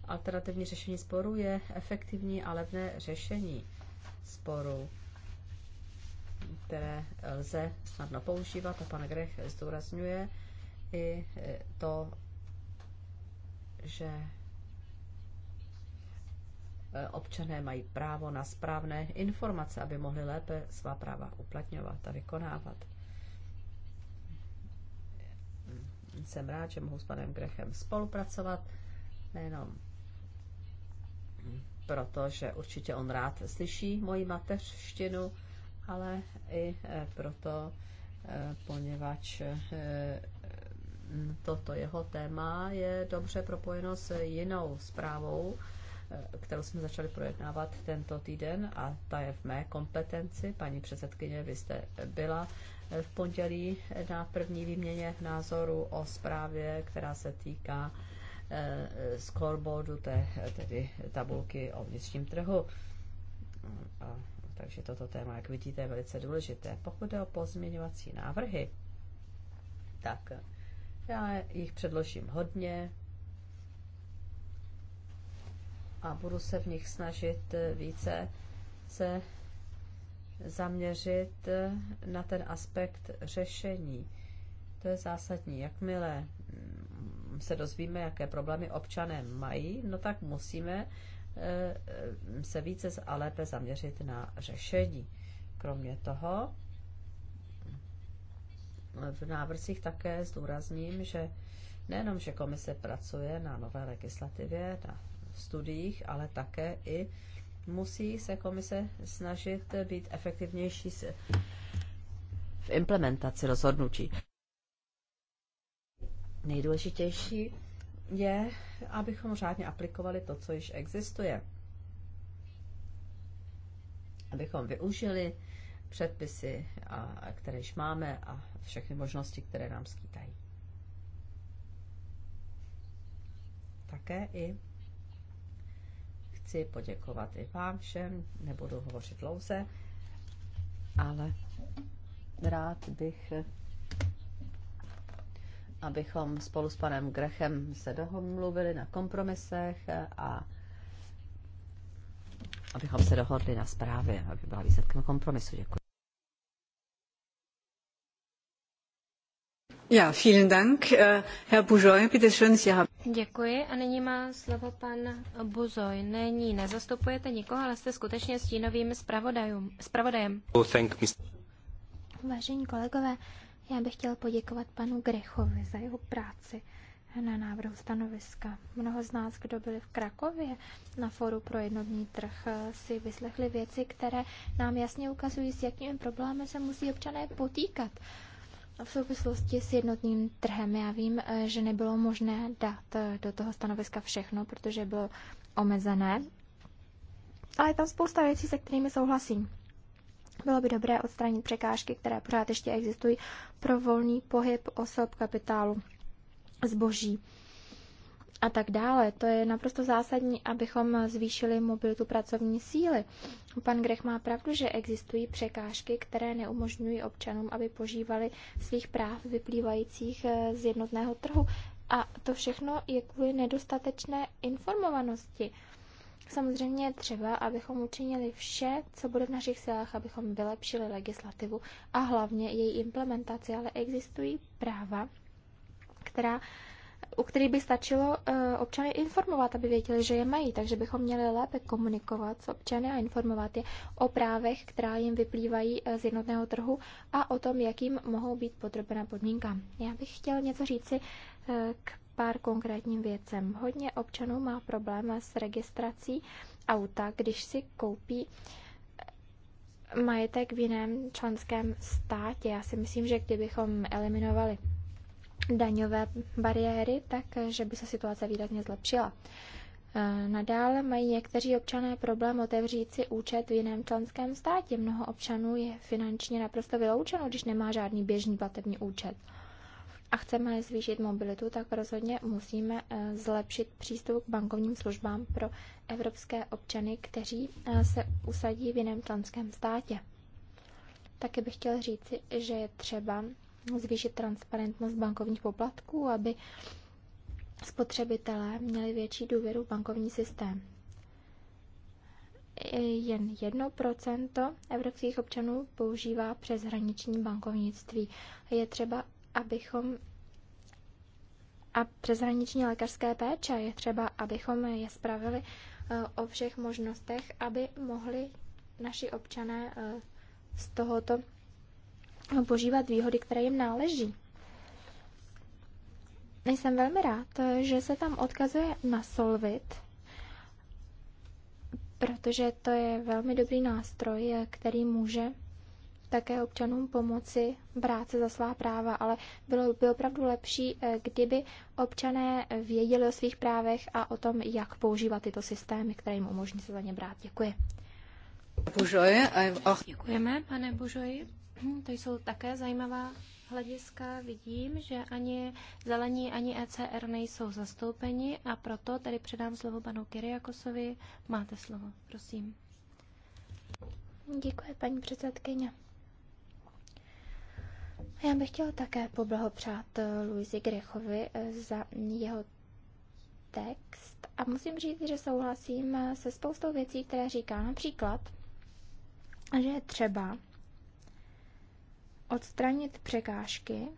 alternativní řešení sporu je efektivní a levné řešení sporu které lze snadno používat a pan Grech zdůrazňuje i to, že e, občané mají právo na správné informace, aby mohli lépe svá práva uplatňovat a vykonávat. Jsem rád, že mohu s panem Grechem spolupracovat, nejenom protože určitě on rád slyší moji mateřštinu, ale i e, proto, e, poněvadž e, toto jeho téma je dobře propojeno s jinou zprávou, kterou jsme začali projednávat tento týden a ta je v mé kompetenci. Paní předsedkyně, vy jste byla v pondělí na první výměně názoru o zprávě, která se týká scoreboardu, tedy tabulky o vnitřním trhu. A takže toto téma, jak vidíte, je velice důležité. Pokud jde o pozměňovací návrhy, tak já jich předložím hodně a budu se v nich snažit více se zaměřit na ten aspekt řešení. To je zásadní. Jakmile se dozvíme, jaké problémy občané mají, no tak musíme Eh, se více a lépe zaměřit na řešení. Kromě toho v návrzích také zdůrazním, že nejenom, že komise pracuje na nové legislativě, na studiích, ale také i musí se komise snažit být efektivnější v implementaci rozhodnutí. Nejdůležitější je, abychom řádně aplikovali to, co již existuje. Abychom využili předpisy, a, a které již máme a všechny možnosti, které nám skýtají. Také i chci poděkovat i vám všem, nebudu hovořit dlouze, ale rád bych abychom spolu s panem Grechem se domluvili na kompromisech a abychom se dohodli na zprávě, aby byla výsledkem kompromisu. Děkuji. Ja, vielen Dank. Eh, Herr Bujoy, bitte schön, Sie haben... Děkuji a nyní má slovo pan Buzoj. Není, nezastupujete nikoho, ale jste skutečně stínovým zpravodajem. Oh, Vážení kolegové, já bych chtěl poděkovat panu Grechovi za jeho práci na návrhu stanoviska. Mnoho z nás, kdo byli v Krakově na foru pro jednotný trh, si vyslechli věci, které nám jasně ukazují, s jakými problémy se musí občané potýkat. V souvislosti s jednotným trhem já vím, že nebylo možné dát do toho stanoviska všechno, protože bylo omezené, ale je tam spousta věcí, se kterými souhlasím. Bylo by dobré odstranit překážky, které pořád ještě existují pro volný pohyb osob, kapitálu, zboží a tak dále. To je naprosto zásadní, abychom zvýšili mobilitu pracovní síly. Pan Grech má pravdu, že existují překážky, které neumožňují občanům, aby požívali svých práv vyplývajících eh, z jednotného trhu. A to všechno je kvůli nedostatečné informovanosti. Samozřejmě je třeba, abychom učinili vše, co bude v našich silách, abychom vylepšili legislativu a hlavně její implementaci, ale existují práva, která, u kterých by stačilo eh, občany informovat, aby věděli, že je mají, takže bychom měli lépe komunikovat s občany a informovat je o právech, která jim vyplývají eh, z jednotného trhu a o tom, jakým mohou být podrobena podmínka. Já bych chtěla něco říci eh, k pár konkrétním věcem. Hodně občanů má problém s registrací auta, když si koupí eh, majetek v jiném členském státě. Já si myslím, že kdybychom eliminovali daňové bariéry, tak eh, že by se situace výrazně zlepšila. Eh, nadále mají někteří občané problém otevřít si účet v jiném členském státě. Mnoho občanů je finančně naprosto vyloučeno, když nemá žádný běžný platební účet a chceme zvýšit mobilitu, tak rozhodně musíme eh, zlepšit přístup k bankovním službám pro evropské občany, kteří eh, se usadí v jiném členském státě. Taky bych chtěl říci, že je třeba zvýšit transparentnost bankovních poplatků, aby spotřebitelé měli větší důvěru v bankovní systém. Jen 1% evropských občanů používá přeshraniční bankovnictví. Je třeba abychom a přeshraniční lékařské péče je třeba, abychom je spravili eh, o všech možnostech, aby mohli naši občané eh, z tohoto eh, požívat výhody, které jim náleží. Jsem velmi rád, že se tam odkazuje na Solvit, protože to je velmi dobrý nástroj, který může také občanům pomoci brát se za svá práva, ale bylo by opravdu lepší, eh, kdyby občané věděli o svých právech a o tom, jak používat tyto systémy, které jim umožní se za ně brát. Děkuji. Bužoj, Děkujeme, pane Bužoji. Hm, to jsou také zajímavá hlediska vidím, že ani zelení, ani ECR nejsou zastoupeni a proto tady předám slovo panu Kiriakosovi. Máte slovo, prosím. Děkuji, paní předsedkyně. A já bych chtěla také poblahopřát eh, Luisi Grechovi eh, za jeho text a musím říct, že souhlasím eh, se spoustou věcí, které říká. Například, že je třeba odstranit překážky,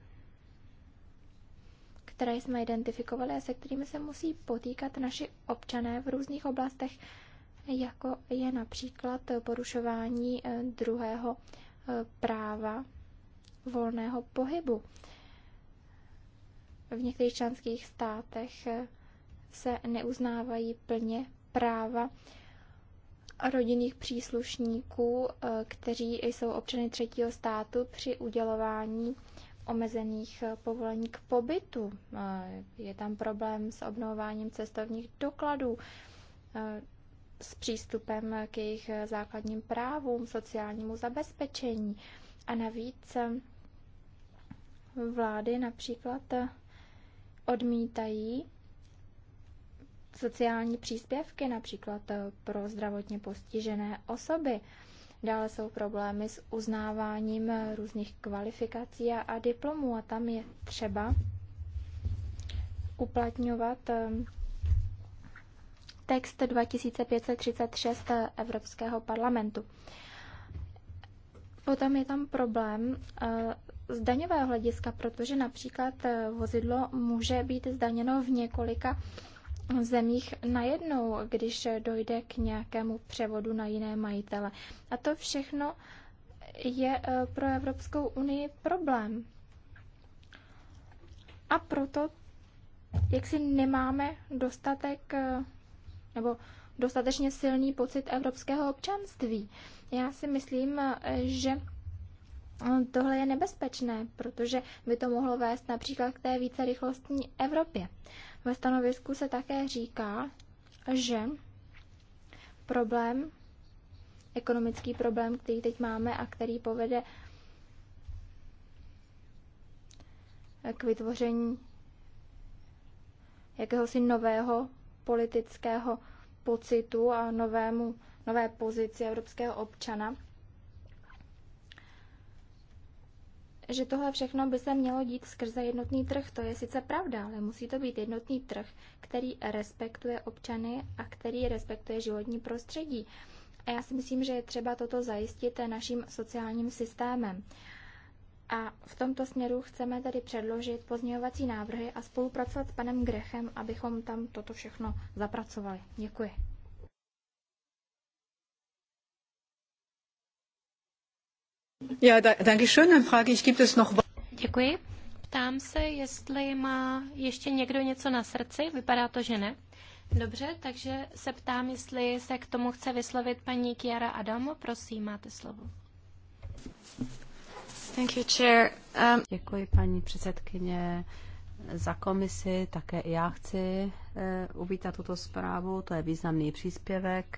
které jsme identifikovali a se kterými se musí potýkat naši občané v různých oblastech, jako je například porušování druhého práva volného pohybu. V některých členských státech se neuznávají plně práva rodinných příslušníků, eh, kteří jsou občany třetího státu při udělování omezených eh, povolení k pobytu. Eh, je tam problém s obnováním cestovních dokladů, s přístupem k jejich základním právům, sociálnímu zabezpečení. A navíc vlády například eh, odmítají sociální příspěvky, například eh, pro zdravotně postižené osoby. Dále jsou problémy s uznáváním eh, různých kvalifikací a diplomů a tam je třeba uplatňovat text 2536 Evropského parlamentu. Potom je tam problém z daňového hlediska, protože například eh, vozidlo může být zdaněno v několika zemích najednou, když dojde k nějakému převodu na jiné majitele. A to všechno je eh, pro Evropskou unii problém. A proto, jak si nemáme dostatek eh, nebo dostatečně silný pocit evropského občanství. Já si myslím, že Tohle je nebezpečné, protože by to mohlo vést například k té více rychlostní Evropě. Ve stanovisku se také říká, že problém, ekonomický problém, který teď máme a který povede k vytvoření jakéhosi nového politického pocitu a novému, nové pozici evropského občana, že tohle všechno by se mělo dít skrze jednotný trh. To je sice pravda, ale musí to být jednotný trh, který respektuje občany a který respektuje životní prostředí. A já si myslím, že je třeba toto zajistit naším sociálním systémem. A v tomto směru chceme tedy předložit pozměňovací návrhy a spolupracovat s panem Grechem, abychom tam toto všechno zapracovali. Děkuji. Děkuji. Ptám se, jestli má ještě někdo něco na srdci. Vypadá to, že ne. Dobře, takže se ptám, jestli se k tomu chce vyslovit paní Kiara Adamo. Prosím, máte slovo. Thank you, chair. Um... Děkuji, paní předsedkyně za komisi, také i já chci eh, uvítat tuto zprávu, to je významný příspěvek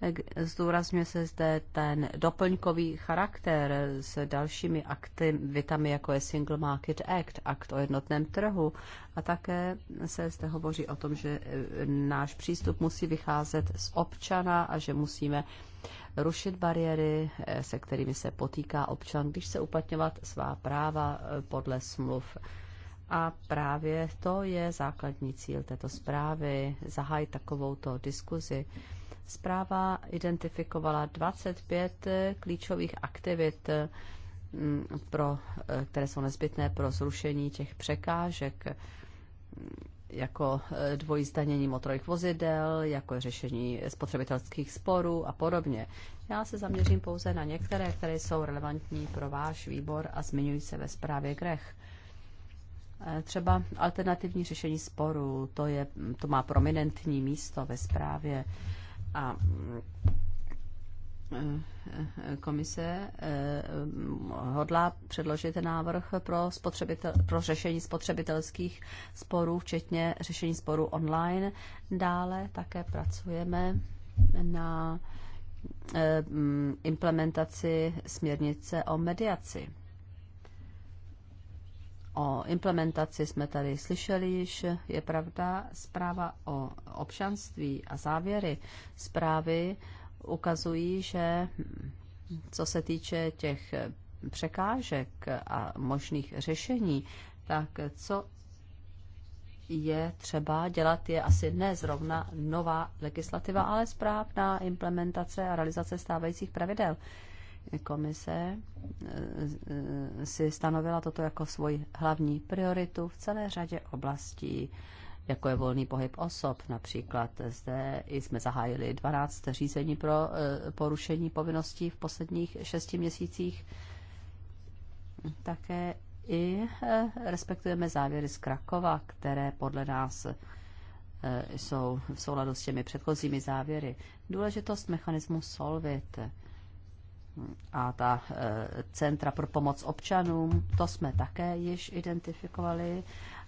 Eh, zdůrazňuje se zde ten doplňkový charakter s dalšími aktivitami, jako je Single Market Act, akt o jednotném trhu. A také se zde hovoří o tom, že eh, náš přístup musí vycházet z občana a že musíme rušit bariéry, eh, se kterými se potýká občan, když se uplatňovat svá práva podle smluv. A právě to je základní cíl této zprávy, zahájit takovouto diskuzi. diskuzi Zpráva identifikovala 25 klíčových aktivit, mm, pro, eh, které jsou nezbytné pro zrušení těch překážek, mm, jako eh, dvojí zdanění motorových vozidel, jako řešení spotřebitelských sporů a podobně. Já se zaměřím pouze na některé, které jsou relevantní pro váš výbor a zmiňují se ve zprávě Grech. Eh, třeba alternativní řešení sporů, to, je, to má prominentní místo ve zprávě. A eh, komise eh, hodlá předložit návrh pro, spotřebitel, pro řešení spotřebitelských sporů, včetně řešení sporů online. Dále také pracujeme na eh, mm, implementaci směrnice o mediaci. O implementaci jsme tady slyšeli již, je pravda, zpráva o občanství a závěry zprávy ukazují, že co se týče těch překážek a možných řešení, tak co je třeba dělat, je asi ne zrovna nová legislativa, ale správná implementace a realizace stávajících pravidel komise e, e, si stanovila toto jako svoji hlavní prioritu v celé řadě oblastí, jako je volný pohyb osob. Například zde jsme zahájili 12 řízení pro e, porušení povinností v posledních šesti měsících. Také i respektujeme závěry z Krakova, které podle nás jsou v souladu s těmi předchozími závěry. Důležitost mechanismu Solvit a ta eh, centra pro pomoc občanům, to jsme také již identifikovali.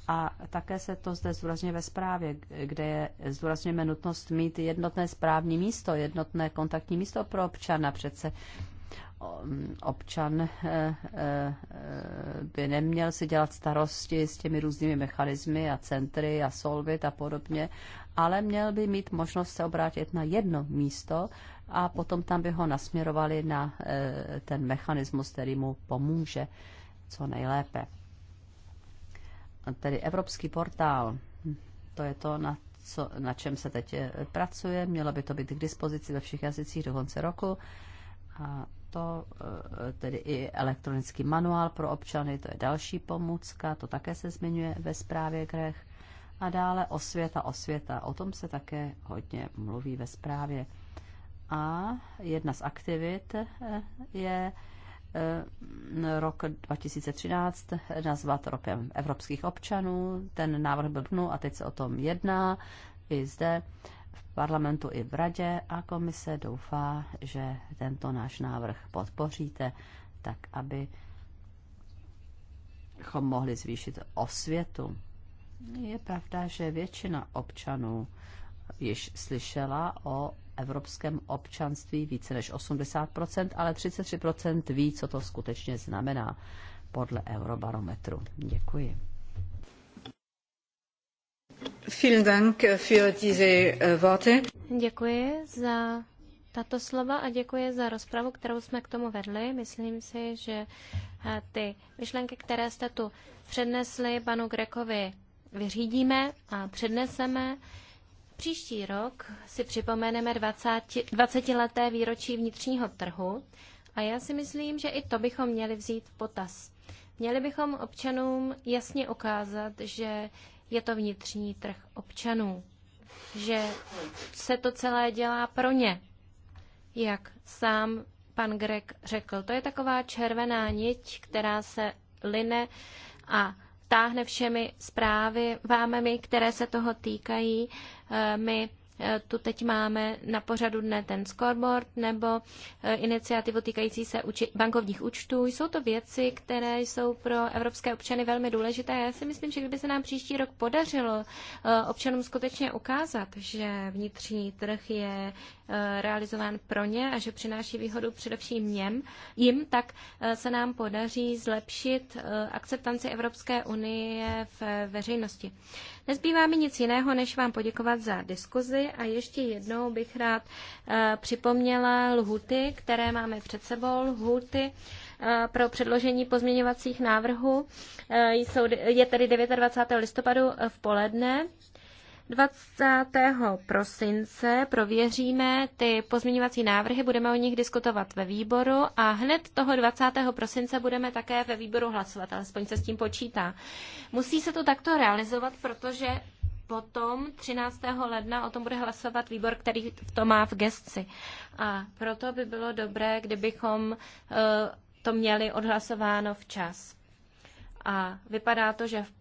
A také se to zde zdůrazňuje ve zprávě, kde je zdůrazňujeme nutnost mít jednotné správní místo, jednotné kontaktní místo pro občana. Přece Ehm, občan eh, eh, by neměl si dělat starosti s těmi různými mechanismy a centry a solvit a podobně, ale měl by mít možnost se obrátit na jedno místo a potom tam by ho nasměrovali na eh, ten mechanismus, který mu pomůže co nejlépe. Tedy Evropský portál, to je to, na, co, na čem se teď pracuje. Mělo by to být k dispozici ve všech jazycích do konce roku. A to eh, tedy i elektronický manuál pro občany, to je další pomůcka, to také se zmiňuje ve zprávě Grech. A dále osvěta, osvěta, o tom se také hodně mluví ve zprávě. A jedna z aktivit eh, je eh, rok 2013 nazvat rokem evropských občanů. Ten návrh byl dnu a teď se o tom jedná i zde v parlamentu i v radě a komise doufá, že tento náš návrh podpoříte, tak aby chom mohli zvýšit osvětu. Je pravda, že většina občanů již slyšela o evropském občanství více než 80%, ale 33% ví, co to skutečně znamená podle Eurobarometru. Děkuji. Äh, děkuji za tato slova a děkuji za rozpravu, kterou jsme k tomu vedli. Myslím si, že eh, ty myšlenky, které jste tu přednesli panu Grekovi, vyřídíme a předneseme. Příští rok si připomeneme 20, 20 leté výročí vnitřního trhu a já si myslím, že i to bychom měli vzít v potaz. Měli bychom občanům jasně ukázat, že je to vnitřní trh občanů, že se to celé dělá pro ně, jak sám pan Greg řekl. To je taková červená niť, která se line a táhne všemi zprávy vámi, které se toho týkají. Eh, my Eh, tu teď máme na pořadu dne ten scoreboard nebo eh, iniciativu týkající se bankovních účtů. Jsou to věci, které jsou pro evropské občany velmi důležité. Já si myslím, že kdyby se nám příští rok podařilo eh, občanům skutečně ukázat, že vnitřní trh je Eh, realizován pro ně a že přináší výhodu především něm, jim, tak eh, se nám podaří zlepšit eh, akceptanci Evropské unie v veřejnosti. Nezbývá mi nic jiného, než vám poděkovat za diskuzi a ještě jednou bych rád připomněla lhuty, které máme před sebou. Lhuty pro předložení pozměňovacích návrhů jsou, je tedy 29. listopadu v poledne. 20. prosince prověříme ty pozměňovací návrhy, budeme o nich diskutovat ve výboru a hned toho 20. prosince budeme také ve výboru hlasovat, alespoň se s tím počítá. Musí se to takto realizovat, protože potom 13. ledna o tom bude hlasovat výbor, který to má v gestci. A proto by bylo dobré, kdybychom eh, to měli odhlasováno včas. A vypadá to, že v,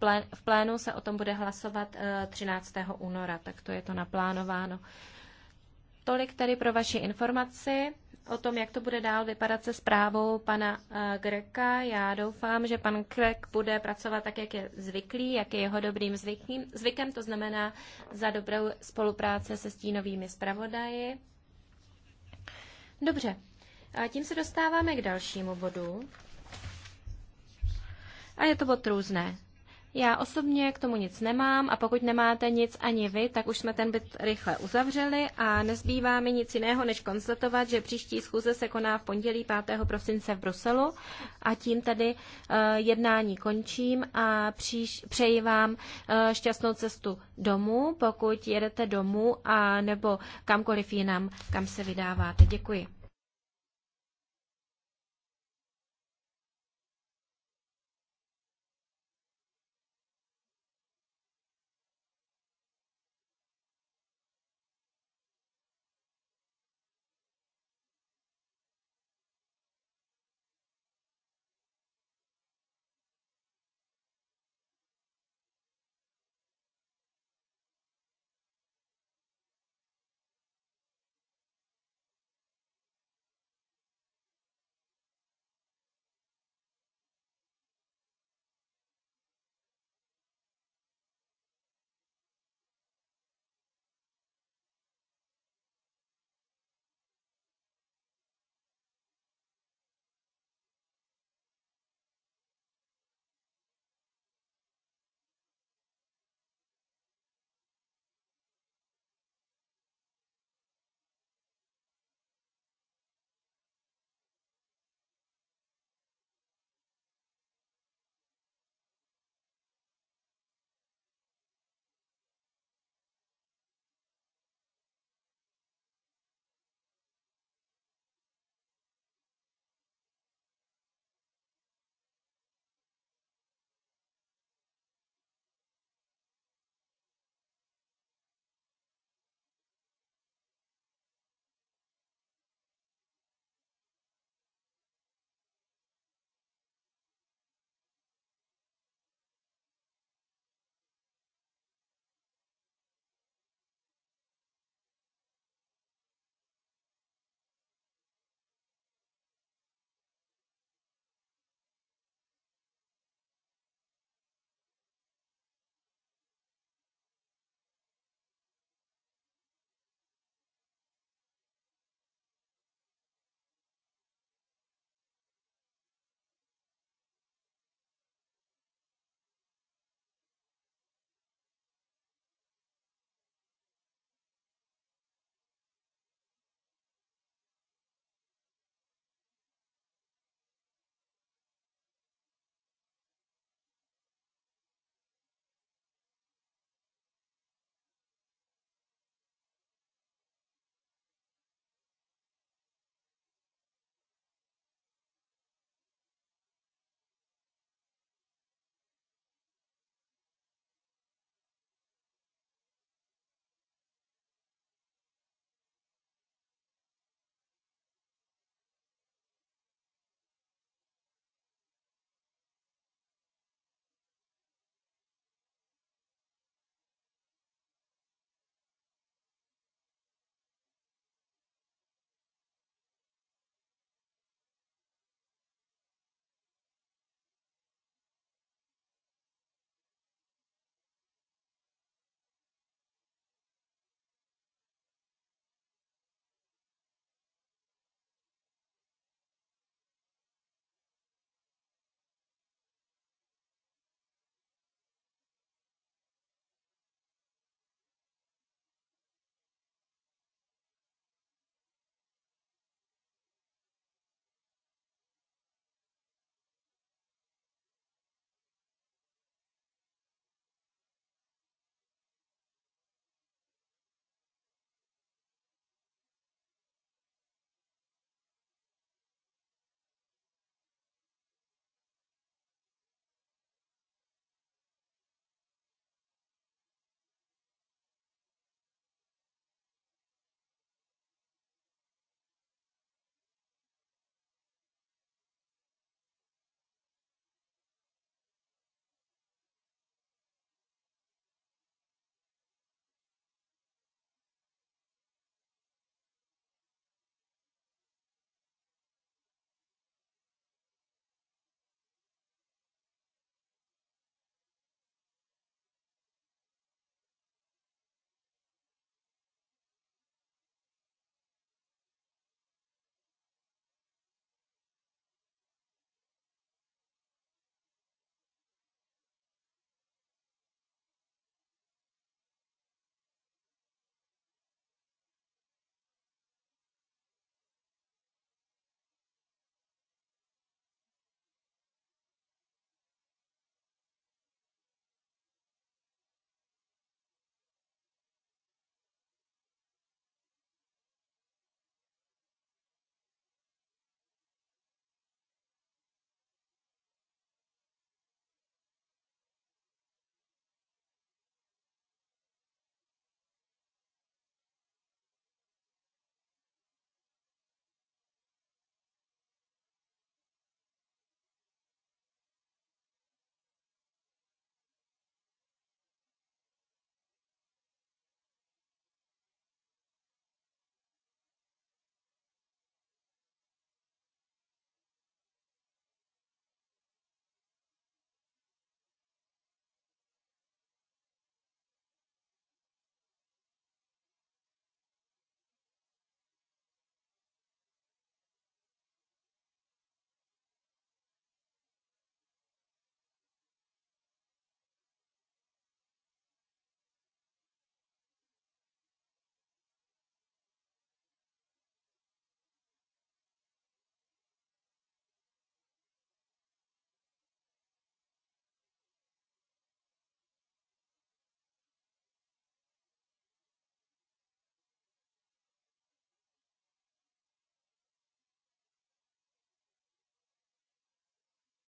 plénu se o tom bude hlasovat 13. Eh, února, tak to je to naplánováno. Tolik tedy pro vaši informaci o tom, jak to bude dál vypadat se zprávou pana eh, Greka. Já doufám, že pan Grek bude pracovat tak, jak je zvyklý, jak je jeho dobrým zvykem. zvykem, to znamená za dobrou spolupráce se stínovými zpravodaji. Dobře, a tím se dostáváme k dalšímu bodu. A je to potrůzné. různé. Já osobně k tomu nic nemám a pokud nemáte nic ani vy, tak už jsme ten byt rychle uzavřeli a nezbývá mi nic jiného, než konstatovat, že příští schůze se koná v pondělí 5. prosince v Bruselu a tím tedy uh, jednání končím a příš, přeji vám uh, šťastnou cestu domů, pokud jedete domů a nebo kamkoliv jinam, kam se vydáváte. Děkuji.